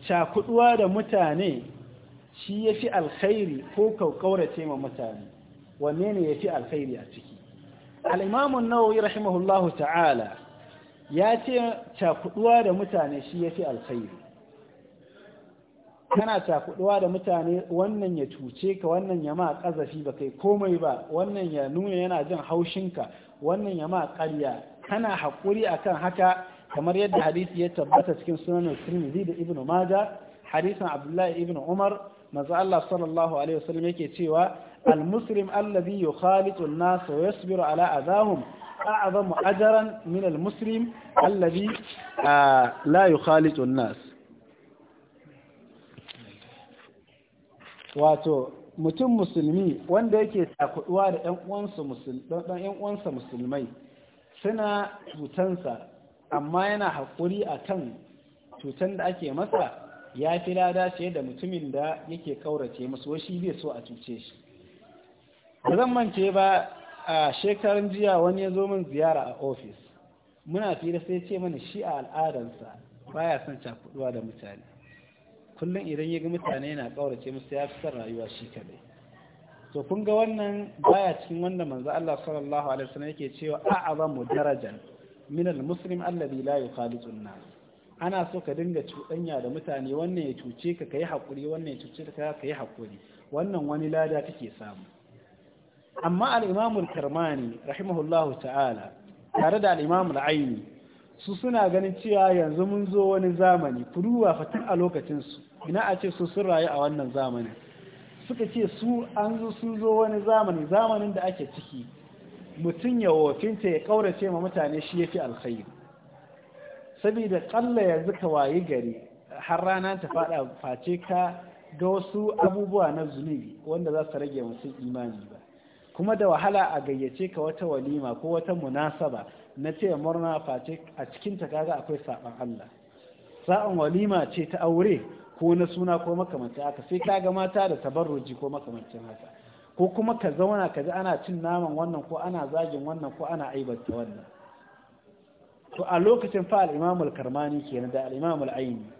cakuduwa da mutane shi ya fi alkhairi ko kaukaurace ma mutane wanne ne ya fi alkhairi a ciki al'imamun nawawi rahimahullahu ta'ala ya ce cakuduwa da mutane shi ya fi alkhairi kana cakuduwa da mutane wannan ya tuce ka wannan ya ma kazafi ba kai komai ba wannan ya nuna yana jin haushinka wannan ya ma karya kana haƙuri akan haka kamar yadda hadisi ya tabbata cikin sunan Tirmidhi da Ibn maja hadisin Abdullahi ibn Umar manzo Allah sallallahu alaihi wasallam yake cewa al-muslim alladhi yukhalitu an-nas wa yasbiru ala adahum a'zamu ajran min al-muslim alladhi la yukhalitu an-nas wato mutum musulmi wanda yake takuduwa da ɗan uwansa musulmai suna cutansa amma yana haƙuri a kan cutan da ake masa ya fi lada ce da mutumin da yake kaurace masu washi bai so a cuce shi ba zan mance ba a shekarun jiya wani ya zo min ziyara a ofis muna fi da sai ce mana shi a al'adarsa baya son cakuduwa da mutane kullum idan ya ga mutane yana kaurace musu ya fi son rayuwa shi kadai to kun ga wannan baya cikin wanda manzo Allah sallallahu alaihi wasallam yake cewa a'azamu darajan min al-muslim alladhi la yukhalitun nas ana so ka dinga cudanya da mutane wannan ya cuce ka kai hakuri wannan ya cuce ka kai hakuri wannan wani lada take samu amma al-imam al-karmani rahimahullahu ta'ala tare da al-imam al-aini su suna ganin cewa yanzu mun zo wani zamani furuwa fatan a lokacin su ina a ce su sun rayu a wannan zamanin suka ce su an zo sun zo wani zamani zamanin da ake ciki mutum ya wofinta ya ƙaurace ma mutane shi ya fi alkhairi saboda ƙalla ya zuka wayi gari har rana ta faɗa face ka ga wasu abubuwa na zunubi wanda za su rage mutum imani ba kuma da wahala a gayyace ka wata walima ko wata munasaba na ce murna face a ta kaga akwai saɓan Allah sa'an walima ce ta aure ko na suna ko makamancin haka sai kaga mata da tabarruji ko makamancin haka ko kuma ka zauna ka ji ana cin naman wannan ko ana zagin wannan ko ana aibata wannan to a lokacin fa al-imamul karmani kenan da al aini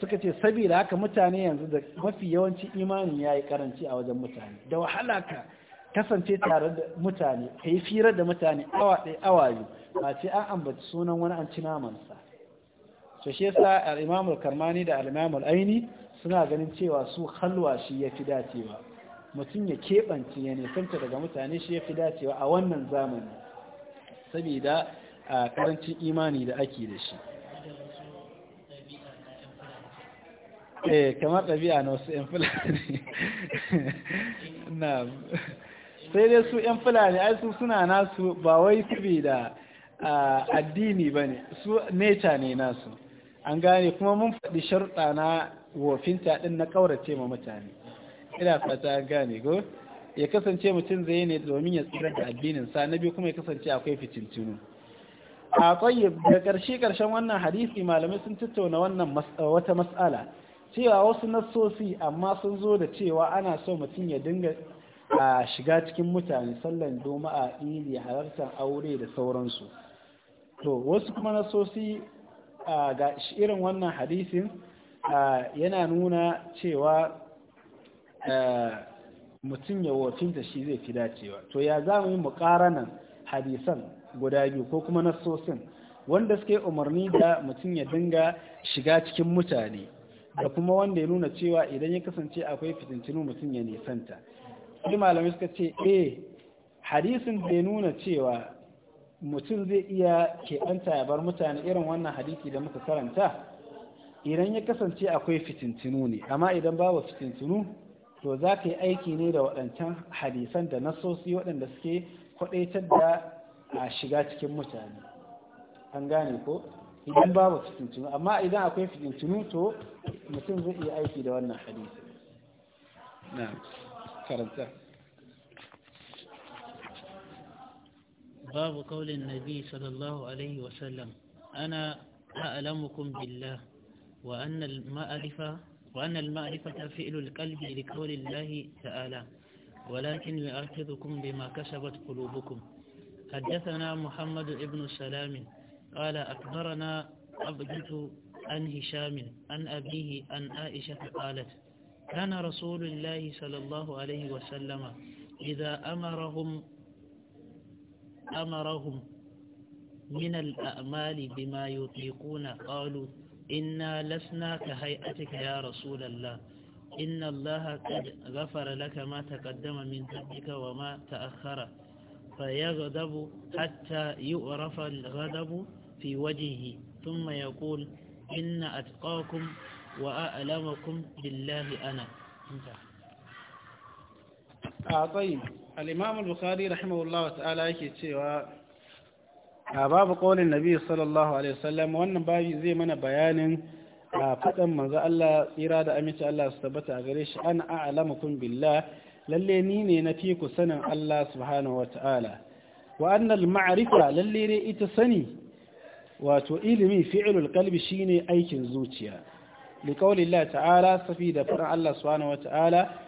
suka ce saboda haka mutane yanzu da mafi yawanci imanin yayi karanci a wajen mutane da wahala ka kasance tare da mutane kai firar da mutane awa ɗaya awa biyu ba ce an ambaci sunan wani an ci namansa to shi yasa al karmani da al aini suna ganin cewa su halwa shi ya fi dacewa mutum ya keɓanci ya nisanta daga mutane shi ya fi dacewa a wannan zamani saboda a ƙarancin imani da ake da shi eh kamar ɗabi'a na wasu 'yan fulani sai dai su 'yan fulani ai su suna nasu ba wai saboda addini ba ne su neta ne nasu an gane kuma mun faɗi sharuɗa na wofinta ɗin na ƙaurace ma mutane ina fata an gane ko ya kasance mutum zai ne domin ya tsira da addinin sa na biyu kuma ya kasance akwai fitintunu a tsayyib da ƙarshe ƙarshen wannan hadisi malamai sun tattauna wannan wata mas'ala cewa wasu nasosi amma sun zo da cewa ana so mutum ya dinga a shiga cikin mutane sallan doma a ili halartar aure da sauransu to wasu kuma nasosi ga irin wannan hadisin yana nuna cewa Eh, mutum ya wafinta shi zai fi dacewa to ya za mu yi mukaranan hadisan guda biyu ko kuma nasosin wanda suke umarni da mutum ya dinga shiga cikin mutane da kuma wanda ya nuna cewa idan ya kasance akwai fitintinu mutum ya nisanta sai malamai suka ce e, hadisin da ya nuna cewa mutum zai iya keɓanta ya bar mutane irin wannan hadisi da muka karanta idan ya kasance akwai fitintinu ne amma idan babu fitintinu to za ka yi aiki ne da waɗancan hadisan da nasosi waɗanda suke kwaɗaitar da a shiga cikin mutane an gane ko idan babu fitintunu amma idan akwai fitintunu to mutum zai iya aiki da wannan hadisi na karanta babu kaulin nabi sallallahu alaihi wasallam ana a'lamukum billah wa annal ma'arifa وأن المعرفة فعل القلب لقول الله تعالى ولكن يؤاخذكم بما كسبت قلوبكم حدثنا محمد بن سلام قال أخبرنا عبدة عن هشام عن أبيه عن عائشة قالت كان رسول الله صلى الله عليه وسلم إذا أمرهم أمرهم من الأعمال بما يطيقون قالوا إنا لسنا كهيئتك يا رسول الله إن الله قد غفر لك ما تقدم من ذنبك وما تأخر فيغضب حتى يؤرف الغضب في وجهه ثم يقول إن أتقاكم وأعلمكم بالله أنا آه طيب الإمام البخاري رحمه الله تعالى يكي a babu ƙaunin nabi sallallahu alaihi wasallam wannan babi zai mana bayanin a faɗan manzo Allah tsira da aminci Allah su tabbata a gare shi an a'lamukum billah lalle ni ne na fi ku sanin Allah subhanahu wata'ala wa annal ma'rifa lalle ne ita sani wato ilimi fi'lul qalbi shine aikin zuciya li ta'ala safi da faɗin Allah subhanahu wata'ala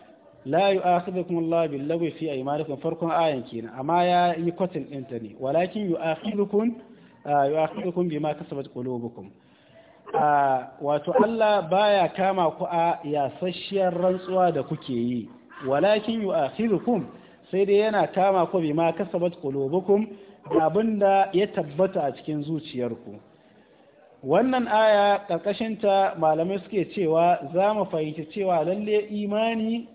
la yu'akhidhukum Allah bil lagwi fi aymanikum farkon ayan kenan amma ya yi kwatin ɗinta ne walakin yu'akhidhukum ah, yu'akhidhukum bima kasabat qulubukum ah, wato Allah baya kama ku a yasasshiyar rantsuwa da kuke yi walakin yu'akhidhukum sai dai yana kama ku bima kasabat qulubukum abinda ya tabbata a cikin zuciyarku wannan aya ƙarƙashinta malamai suke cewa za mu fahimci cewa lalle imani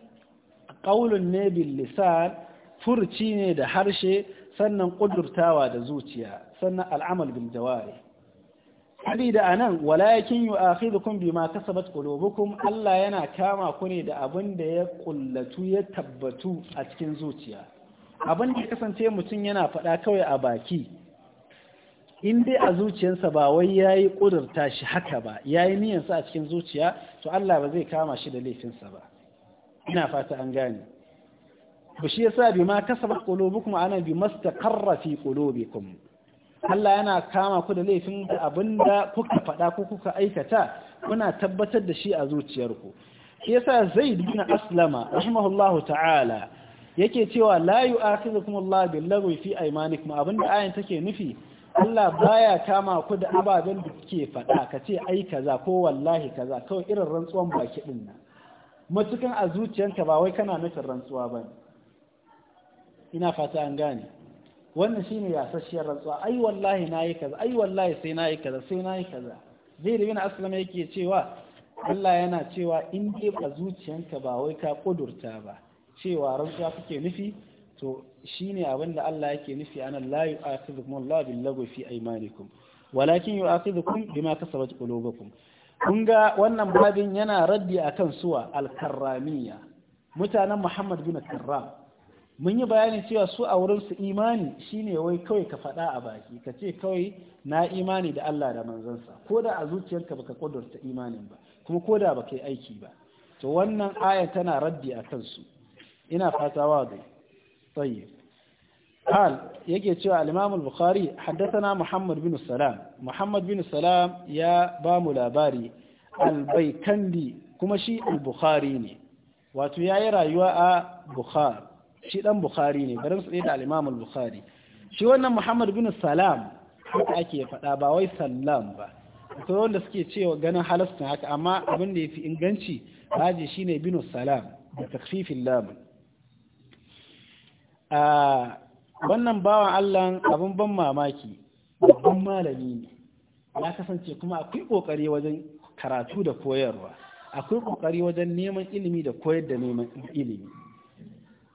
ƙaunin ne bil lisan furci ne da harshe sannan ƙudurtawa da zuciya sannan al'amal bil jawari da anan walakin yu'akhidukum bima kasabat qulubukum Allah yana kama ku ne da abin da ya ƙullatu ya tabbatu a cikin zuciya abin da kasance mutum yana faɗa kawai a baki in dai a zuciyarsa ba wai yayi ƙudurta shi haka ba yayi niyyarsa a cikin zuciya to Allah ba zai kama shi da laifinsa ba ina fata an gane ba shi yasa bi ma kasabat qulubukum ana bi mastaqarra fi qulubikum Allah yana kama ku da laifin da abinda kuka faɗa ko kuka aikata kuna tabbatar da shi a zuciyarku shi yasa Zaid bin Aslama rahimahullahu ta'ala yake cewa la yu'akhidhukum Allah bil lagwi fi aymanikum abinda ayan take nufi Allah baya kama ku da ababen da kuke faɗa kace ai kaza ko wallahi kaza kawai irin rantsuwan baki din nan matukan a zuciyanka ba wai kana nufin rantsuwa ba ina fata an gane wannan shine yasasshiyar rantsuwa ai wallahi nayi kaza ai wallahi sai nayi kaza sai nayi kaza zai da bin aslama yake cewa Allah yana cewa in dai ba zuciyanka ba wai ka kudurta ba cewa rantsuwa kake nufi to shine abin da Allah yake nufi anan la yu'akhidhukum Allahu bil lagwi fi aymanikum walakin yu'akhidhukum bima kasabat qulubukum kun ga wannan babin yana raddi a kan suwa alkarramiya mutanen Muhammad bin Karram mun yi bayani cewa su a wurin su imani shine wai kawai ka faɗa a baki ka ce kawai na imani da Allah da manzansa ko da a zuciyarka baka kudurta imanin ba kuma ko da baka yi aiki ba to wannan aya tana raddi akan su ina fata wa dai tayyib قال يجي تشوى الإمام البخاري حدثنا محمد بن السلام محمد بن السلام يا بام الأباري البيكندي كمشي البخاريني البخاري واتو يا يرى يواء بخار شي دان بخاري برمس إيدا الإمام البخاري شي أن محمد بن السلام haka ake faɗa ba wai sallam ba akwai wanda suke cewa ganin halastin haka amma abin da ya fi inganci baji shine binu wannan bawan Allah abin ban mamaki babban malami ne ya kasance kuma akwai kokari wajen karatu da koyarwa akwai kokari wajen neman ilimi da koyar da neman ilimi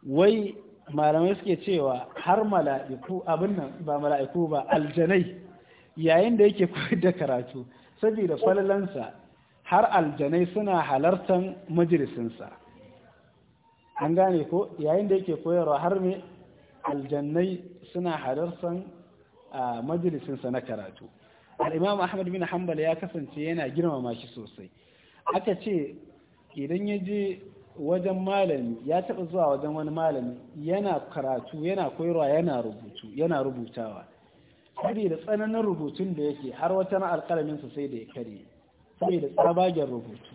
wai malamai suke cewa har mala'iku abin nan ba mala'iku ba aljanai yayin da yake koyar da karatu saboda falalansa har aljanai suna halartan majalisinsa an gane ko yayin da yake koyarwa har me aljannai suna hararsan a majalisinsa na karatu al'imam ahmad bin hanbal ya kasance yana girmama shi sosai aka ce idan ya je wajen malami ya taɓa zuwa wajen wani malami yana karatu yana koyarwa yana rubutu yana rubutawa da tsananin rubutun da yake har wata na alƙalaminsa sai da ya kare da tsabagen rubutu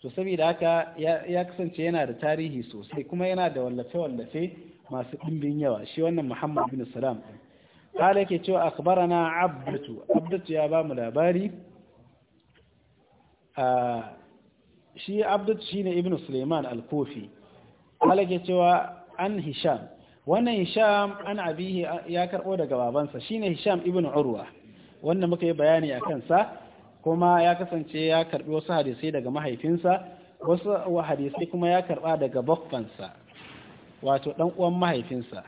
to saboda haka ya kasance yana da tarihi sosai kuma yana da wallafe-wallafe masu ɗimbin yawa shi wannan muhammad bin salam قال yake cewa akhbarana abdatu abdatu ya ba mu labari shi abdatu shine ibnu suleiman al-kufi قال yake cewa an hisham wannan hisham an abihi ya karbo daga babansa shine hisham ibnu urwa wanda muka yi bayani a kansa kuma ya kasance ya karbi wasu hadisai daga mahaifinsa wasu hadisai kuma ya karba daga bakkansa wato ɗan uwan mahaifinsa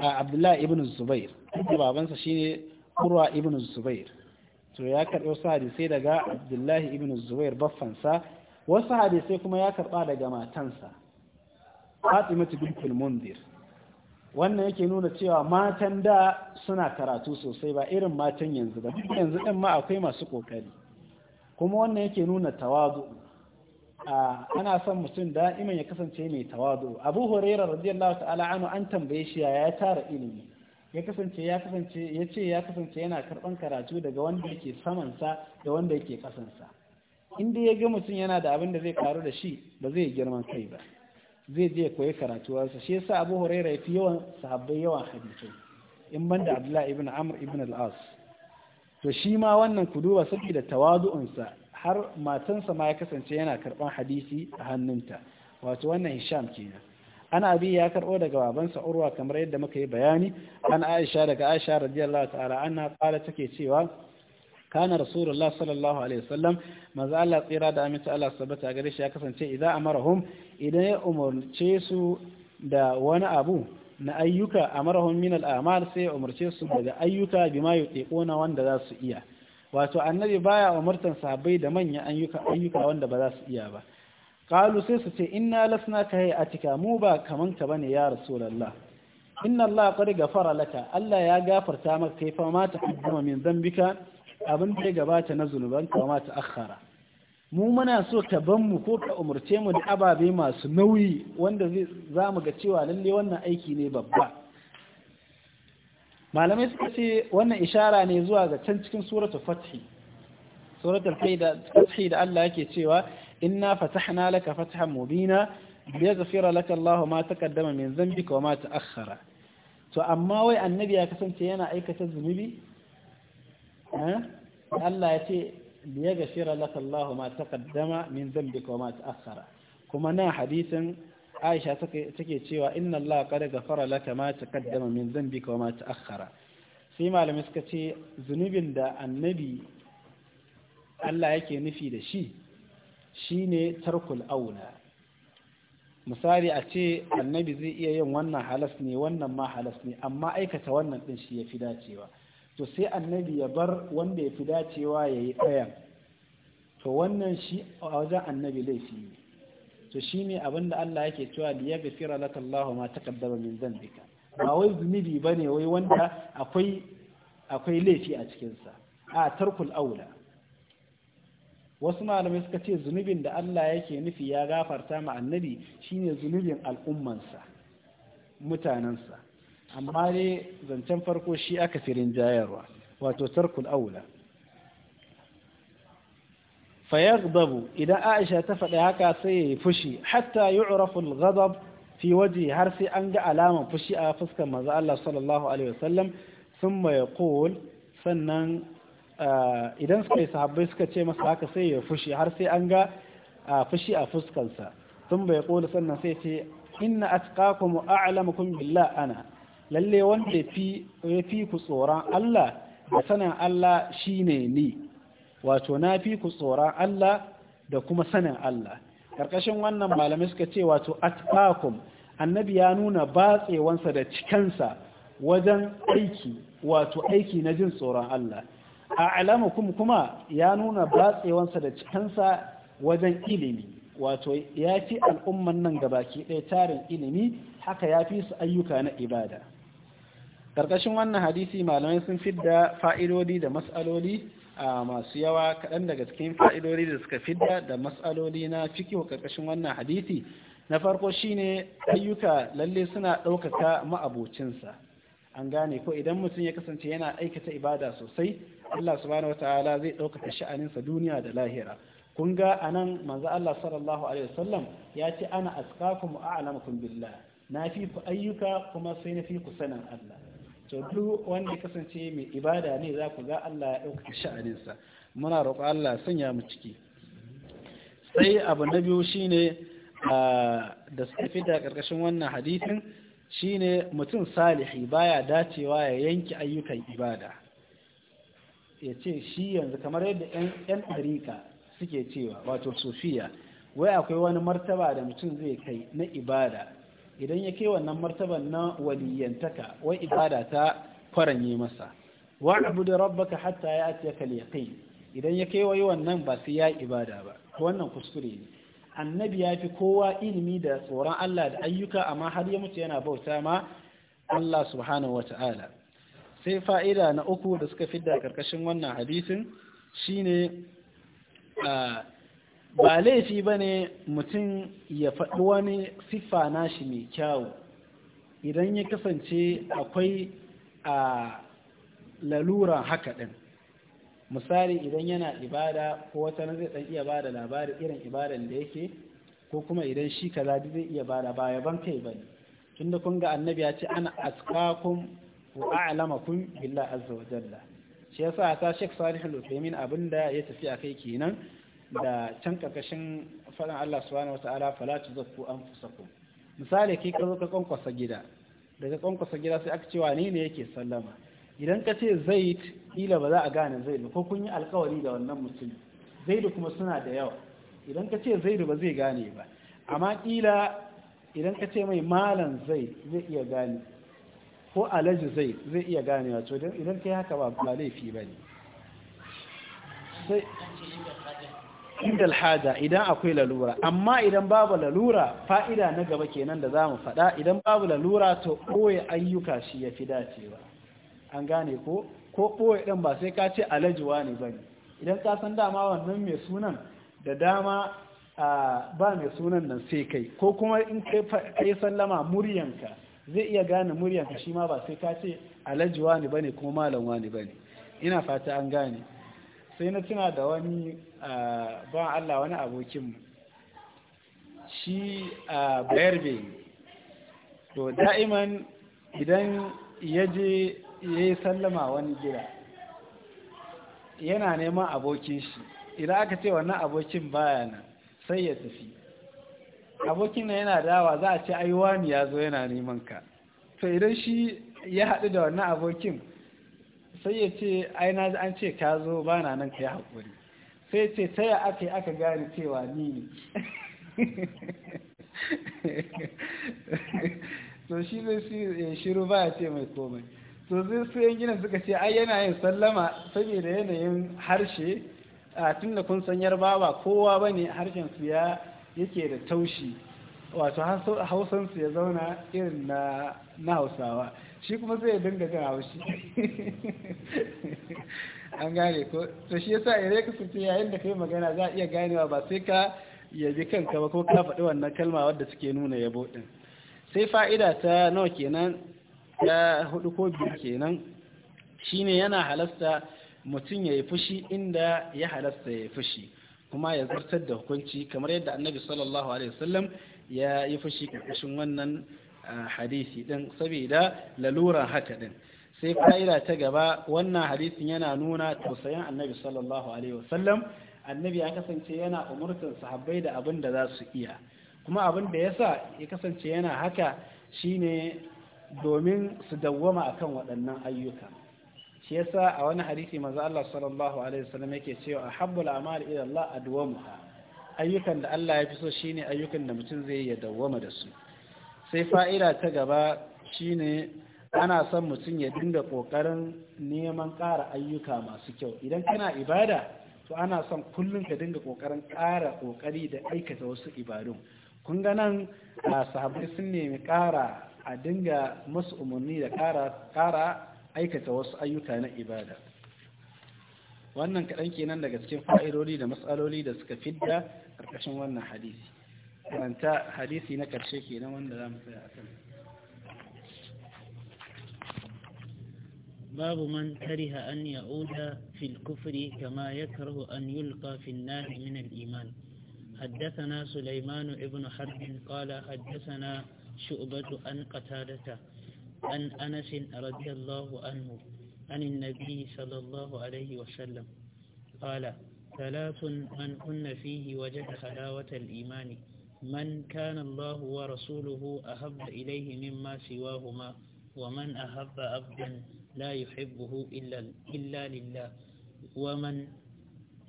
a abdullahi ibn zubair babansa shine kurwa ibn zubair to ya karɓi wasu hadisai daga abdullahi ibn zubair baffansa wasu hadisai kuma ya karɓa daga matansa fatimatu bintul mundir wannan yake nuna cewa matan da suna karatu sosai ba irin matan yanzu ba yanzu din ma akwai masu kokari kuma wannan yake nuna tawazu Ah, ana son mutum da'iman ya kasance mai tawadu abu huraira radiyallahu ta'ala anu an tambaye shi ya tara ilimi ya kasance ya kasance ya ce ya kasance yana karban karatu daga wanda yake samansa da wanda yake kasansa inda ya ga mutum yana da abin da zai karu da shi ba zai girman kai ba zai je koyi karatuwarsa shi yasa abu huraira ya fi yawan sahabbai yawan hadisai in banda abdullahi ibn amr ibn al-as to shi ma wannan ku duba saboda tawadu'unsa har matansa ma ya kasance yana karban hadisi a hannunta wato wannan hisham kenan ana bi ya karbo daga babansa urwa kamar yadda muka yi bayani an aisha daga aisha radiyallahu ta'ala anna qala take cewa kana rasulullah sallallahu alaihi wasallam manzo Allah tsira da aminta Allah sabata gare shi ya kasance idan amarahum idan ya umarce su da wani abu na ayyuka amarahum min amal sai ya umarce su daga ayyuka bima yuqiquna wanda za su iya wato annabi baya umurtan sahabbai da manyan ayyuka ayyuka wanda ba za su iya ba qalu sai su ce inna lasna ka atika mu ba kaman ka bane ya rasulullah inna allah qad ghafara laka allah ya gafarta maka kai fa ma zan min dhanbika abin da ya gabata na zunuban ka ma akhara mu muna so ka ban mu ko ka umurce mu da ababe masu nauyi wanda zamu ga cewa lalle wannan aiki ne babba malamai suka ce wannan ishara ne zuwa ga can cikin suratul fathi suratul fathi da Allah yake cewa inna fatahna laka fathan mubina liyaghfira laka Allah ma taqaddama min dhanbika wa ma ta'akhkhara to amma wai annabi ya kasance yana aikata zunubi eh? Allah ya ce liyaghfira laka Allah ma taqaddama min dhanbika wa ma ta'akhkhara kuma na hadisin aisha take cewa inna Allah qad ghafara laka ma taqaddama min dhanbika wa ma ta'akhkhara sai malami suka ce zunubin da annabi Allah yake nufi da shi shine tarkul aula misali a ce annabi zai iya yin wannan halas ne wannan ma halas ne amma aikata wannan din shi yafi dacewa to sai annabi ya bar wanda yafi dacewa yayi ɗayan to wannan shi a wajen annabi laifi ne to ne abin da Allah yake cewa li yaghfira laka Allah ma ta taqaddama min dhanbika ba wai zunubi ba ne, wai wanda akwai laifi a cikinsa. a tarkul aula wasu malamai suka ce zunubin da Allah yake nufi ya gafarta ma annabi shine zunubin al'ummansa mutanensa amma dai zancen farko shi aka firin jayarwa wato tarkul aula fayagdabu idan aisha ta faɗi haka sai ya yi fushi hatta yu'rafu al-ghadab fi waje har sai an ga alamar fushi a fuskar manzo Allah sallallahu alaihi wasallam thumma yaqul sannan idan suka yi sahabbai suka ce masa haka sai ya fushi har sai an ga fushi a fuskarsa thumma yaqul sannan sai ce inna atqakum a'lamukum billah ana lalle wanda ya fi ku tsoron Allah da sanin Allah shine ni wato na fi ku tsoron Allah da kuma sanin Allah ƙarƙashin wannan malamai suka ce wato atfakum annabi ya nuna batsewansa da cikansa wajen aiki wato aiki na jin tsoron Allah a kuma kuma ya nuna batsewansa da cikansa wajen ilimi wato ya fi al'umman nan ga baki ɗaya tarin ilimi haka ya fi su ayyuka na ibada ƙarƙashin wannan hadisi malamai sun fidda fa'idodi da masaloli. A masu yawa kaɗan daga cikin fa'idori da suka fidda da matsaloli na ciki ƙarƙashin wannan hadithi, na farko shine ayyuka lalle suna ɗaukaka ma'abocinsa an gane ko idan mutum ya kasance yana aikata ibada sosai Allah subhanahu Ta'ala zai ɗaukaka sha'aninsa duniya da lahira kun ga nan manzo Allah sallallahu alaihi wasallam ya ce ana asqakum a'lamukum billah na fi ayyuka kuma sai na fi ku sanin Allah to duk wanda ya kasance mai ibada ne za ku ga Allah ya ɗauka sha'aninsa muna roƙo Allah sanya mu ciki sai abu na biyu shine da tafi da ƙarƙashin wannan hadisin shine mutum salihi baya dacewa ya yanke ayyukan ibada ya ce shi yanzu kamar yadda 'yan ɗarika suke cewa wato sofiya wai akwai wani martaba da mutum zai kai na ibada idan ya ke wannan martaban na waliyantaka wai ibada ta faranye masa wa abudu rabbaka hatta ya ake kaliyakai idan ya kewaye wannan ba sai ya ibada ba wannan kuskure ne annabi ya fi kowa ilimi da tsoron Allah da ayyuka amma har ya mutu yana bauta ma Allah subhanahu wata'ala sai fa'ida na uku da suka fidda karkashin wannan hadisin shine ah, ba laifi ba ne mutum ya faɗi wani siffa nashi mai kyawu idan ya kasance akwai a laluran haka ɗin misali idan yana ibada ko wata na zai ɗan iya ba da labarin irin ibadan da yake ko kuma idan shi zaɗi zai iya ba da baya ban kai ba ne tun da kun ga annabi ya ce ana askakun wa kun billah azza wa jalla shi yasa ta shek Salih al abin abinda ya tafi a kai kenan da can ƙarƙashin faɗin Allah subhanahu wata'ala fala tuzakku anfusakum misali kai ka zo ka kwankwasa gida daga kwankwasa gida sai aka ce wane ne yake sallama idan ka ce zaid kila ba za a gane zaid ko kun yi alkawari da wannan mutum zaid kuma suna da yawa idan ka ce zaid ba zai gane ba amma kila idan ka ce mai malam zaid zai iya gane ko alaji zai zai iya gane wato idan kai haka ba laifi ba ne sai inda alhaja idan akwai lalura amma idan babu lalura fa'ida na gaba kenan da zamu faɗa idan babu lalura to ɓoye ayyuka shi ya fi dacewa an gane ko ko ɓoye ɗin ba sai ka ce alajuwa ne ba idan ka san dama wannan mai sunan da dama ba mai sunan nan sai kai ko kuma in kai sallama muryanka zai iya gane muryanka shi ma ba sai ka ce alajuwa ne ba ne kuma malamwa ne ba ina fata an gane sai na tuna da wani ba Allah wani abokinmu shi a bayar to da'iman idan yaje je ya yi sallama wani gida yana neman abokin shi idan aka ce wannan abokin baya na sai ya tafi abokin nan yana dawa za a ce aiwani ya zo yana neman ka to idan shi ya haɗu da wannan abokin sai ya ce aina an ce ka zo ba na nan ka yi haƙuri sai ce ta ya aka aka gani cewa ni ne to shi zai eh, shiru ba ya ce mai komai to zai su yan gina suka ce ai yana yin sallama saboda yanayin harshe a tun da kun san baba kowa ba ne harshen ya yake da taushi wato hausansu ya zauna irin na hausawa shi kuma zai ya dinga jin haushi an gane ko to shi yasa idan ka fice yayin da kai magana za a iya ganewa ba sai ka yabi kanka ba ko ka faɗi wannan kalma wadda suke nuna yabo din sai fa'ida ta nawa kenan ta hudu ko biyu kenan shine yana halasta mutum ya yi fushi inda ya halasta ya yi fushi kuma ya zartar da hukunci kamar yadda annabi sallallahu alaihi wasallam ya yi fushi karkashin wannan ah, hadisi din saboda laluran haka din sai fa'ida ta gaba wannan hadisin yana nuna tausayin annabi sallallahu alaihi wasallam annabi ya kasance yana umurtar sahabbai da abin da za su iya kuma abin da ya sa ya kasance yana haka shine domin su dawwama akan waɗannan ayyuka shi yasa a wani hadisi maza Allah sallallahu alaihi wasallam yake cewa ahabbul a'mal ila Allah adwamuha ayyukan da Allah ya fi so shine ayyukan da mutum zai ya dawwama da su sai fa'ida ta gaba shine ana son mutum ya dinga ƙoƙarin neman ƙara ayyuka masu kyau idan kana ibada to ana son kullum ka dinga ƙoƙarin ƙara ƙoƙari da aikata wasu ibadun kun ga nan sahabai sun nemi ƙara a dinga masu umarni da ƙara aikata wasu ayyuka na ibada wannan kaɗan kenan daga cikin fa'idodi da matsaloli da suka fidda ƙarƙashin wannan hadisi karanta hadisi na ƙarshe kenan wanda za mu tsaya a kan باب من كره أن يعود في الكفر كما يكره أن يلقى في النار من الإيمان حدثنا سليمان ابن حرب قال حدثنا شؤبة أن قتادة أن أنس رضي الله عنه عن النبي صلى الله عليه وسلم قال ثلاث من كن فيه وجد حلاوة الإيمان من كان الله ورسوله أحب إليه مما سواهما ومن أحب أبداً لا يحبه إلا, إلا لله ومن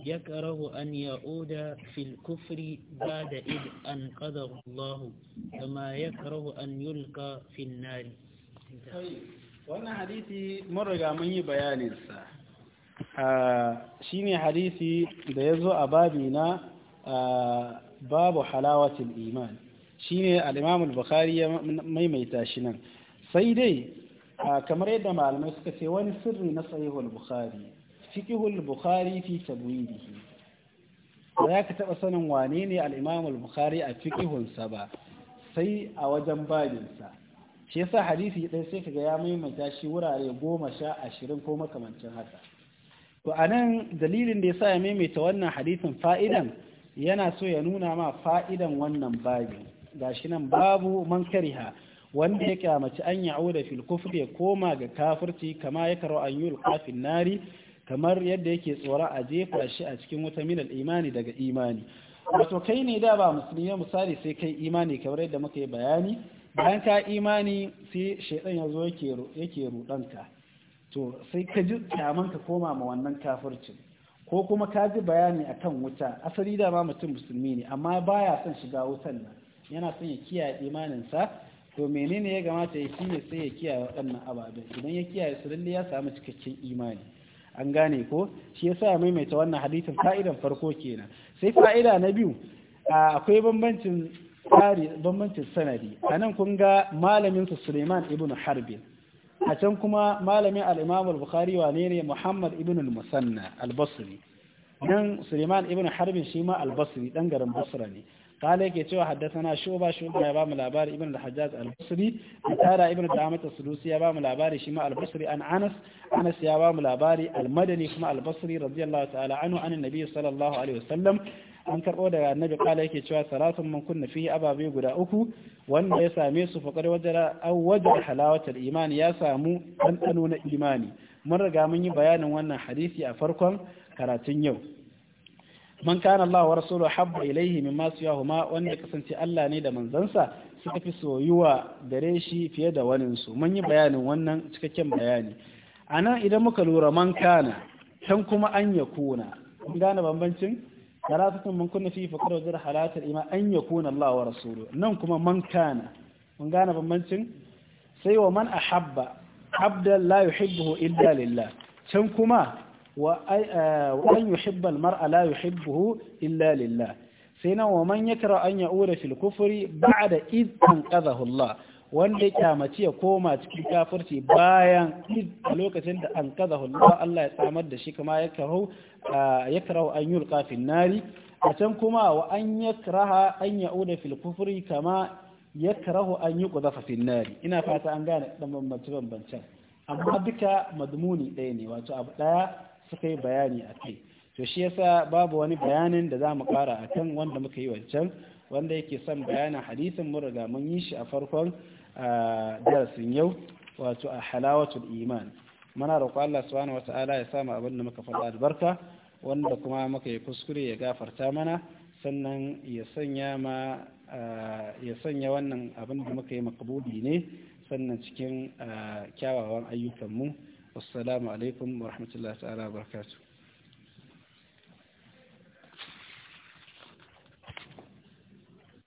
يكره أن يعود في الكفر بعد إذ أنقذه الله كما يكره أن يلقى في النار wannan hadisi mun riga mun yi bayaninsa shi ne hadisi da ya zo a babi na babu halawatul iman shi ne imamul bukhari ya maimaita shi nan sai dai Ah, kamar yadda malamai suka ce wani sirri na sahihul bukhari fiqhul bukhari fi tabwidihi ba za ka taɓa sanin wane ne al-imam bukhari a fiqhunsa ba sai a wajen babinsa shi yasa hadisi ɗaya sai kaga ya maimaita shi wurare goma sha ashirin ko makamancin haka to anan dalilin da yasa ya maimaita wannan hadisin fa'idan yana so ya nuna ma fa'idan wannan babin gashi nan babu man kariha wanda ya kyamaci an ya'uda fil kufri ya koma ga kafirci kama ya karo an yi ulkafin nari kamar yadda yake tsoron a jefa shi a cikin wata minal imani daga imani wato kai ne da ba musulmi misali sai kai imani kamar yadda muka yi bayani bayan ka imani sai shaidan ya zo yake rudanka to sai ka ji kyaman ka koma ma wannan kafircin ko kuma ka ji bayani kan wuta asali da ba mutum musulmi ne amma baya son shiga wutan nan yana son ya kiyaye imaninsa to menene ya gamata ya kiyaye sai ya kiyaye waɗannan ababen idan ya kiyaye su lalle ya samu cikakken imani an gane ko shi yasa ya maimaita wannan hadisin fa'idan farko kenan sai fa'ida na biyu akwai bambancin tsari bambancin sanadi a nan kun ga malamin su Suleiman ibn Harbin a can kuma malamin al al-Bukhari wane ne Muhammad ibn al-Musanna al-Basri dan Suleiman ibn Harbin shi ma al-Basri dan garin Basra ne kala yake cewa haddasana shuba shuba ya bamu labari ibn al-hajjaj al-basri tara ibn da'amat as-sulusi ya bamu labari shi ma al-basri an anas anas ya bamu labari al-madani kuma al-basri radiyallahu ta'ala anhu an annabi sallallahu alaihi wasallam an karbo daga annabi kala yake cewa salatun man kunna fihi ababe guda uku wanda ya same su faqad wajara aw wajara iman ya samu ɗanɗano na imani mun riga mun yi bayanin wannan hadisi a farkon karatun yau man kana Allah wa rasuluhu habba ilaihi mimma siyahuma wanda kasance Allah ne da manzansa suka fi soyuwa gare shi fiye da wani su mun yi bayanin wannan cikakken bayani anan idan muka lura man kana can kuma an ya kuna kun gane bambancin karatun mun kunna fi faqar wajen halatar ima an ya kuna Allah wa rasuluhu nan kuma man kana mun gane bambancin sai wa man ahabba abdan la yuhibbuhu illa lillah can kuma وأن يحب المرأة لا يحبه إلا لله سينا ومن يكره أن يؤول في الكفر بعد إذ أنقذه الله wanda kyamaci ya koma cikin kafirci bayan a lokacin da an kaza Allah Allah ya samar da shi kuma ya karau eh, an yul kafin nari a can kuma wa an ya karaha an kama ya karahu an yi kuzafa nari ina fata an gane dan bambance amma duka madmuni ɗaya ne wato abu ɗaya suka yi bayani a kai to shi yasa babu wani bayanin da za mu kara a kan wanda muka yi wancan wanda yake son bayanin hadisin mun riga mun yi shi a farkon darasin yau wato a halawatul iman muna roƙo Allah subhanahu wata'ala ya samu abin da muka faɗa albarka wanda kuma muka yi kuskure ya gafarta mana sannan ya sanya ma ya sanya wannan abin da muka yi makabudi ne sannan cikin kyawawan ayyukanmu wassalamu alaikum wa rahmatullahi ta'ala wa barakatuh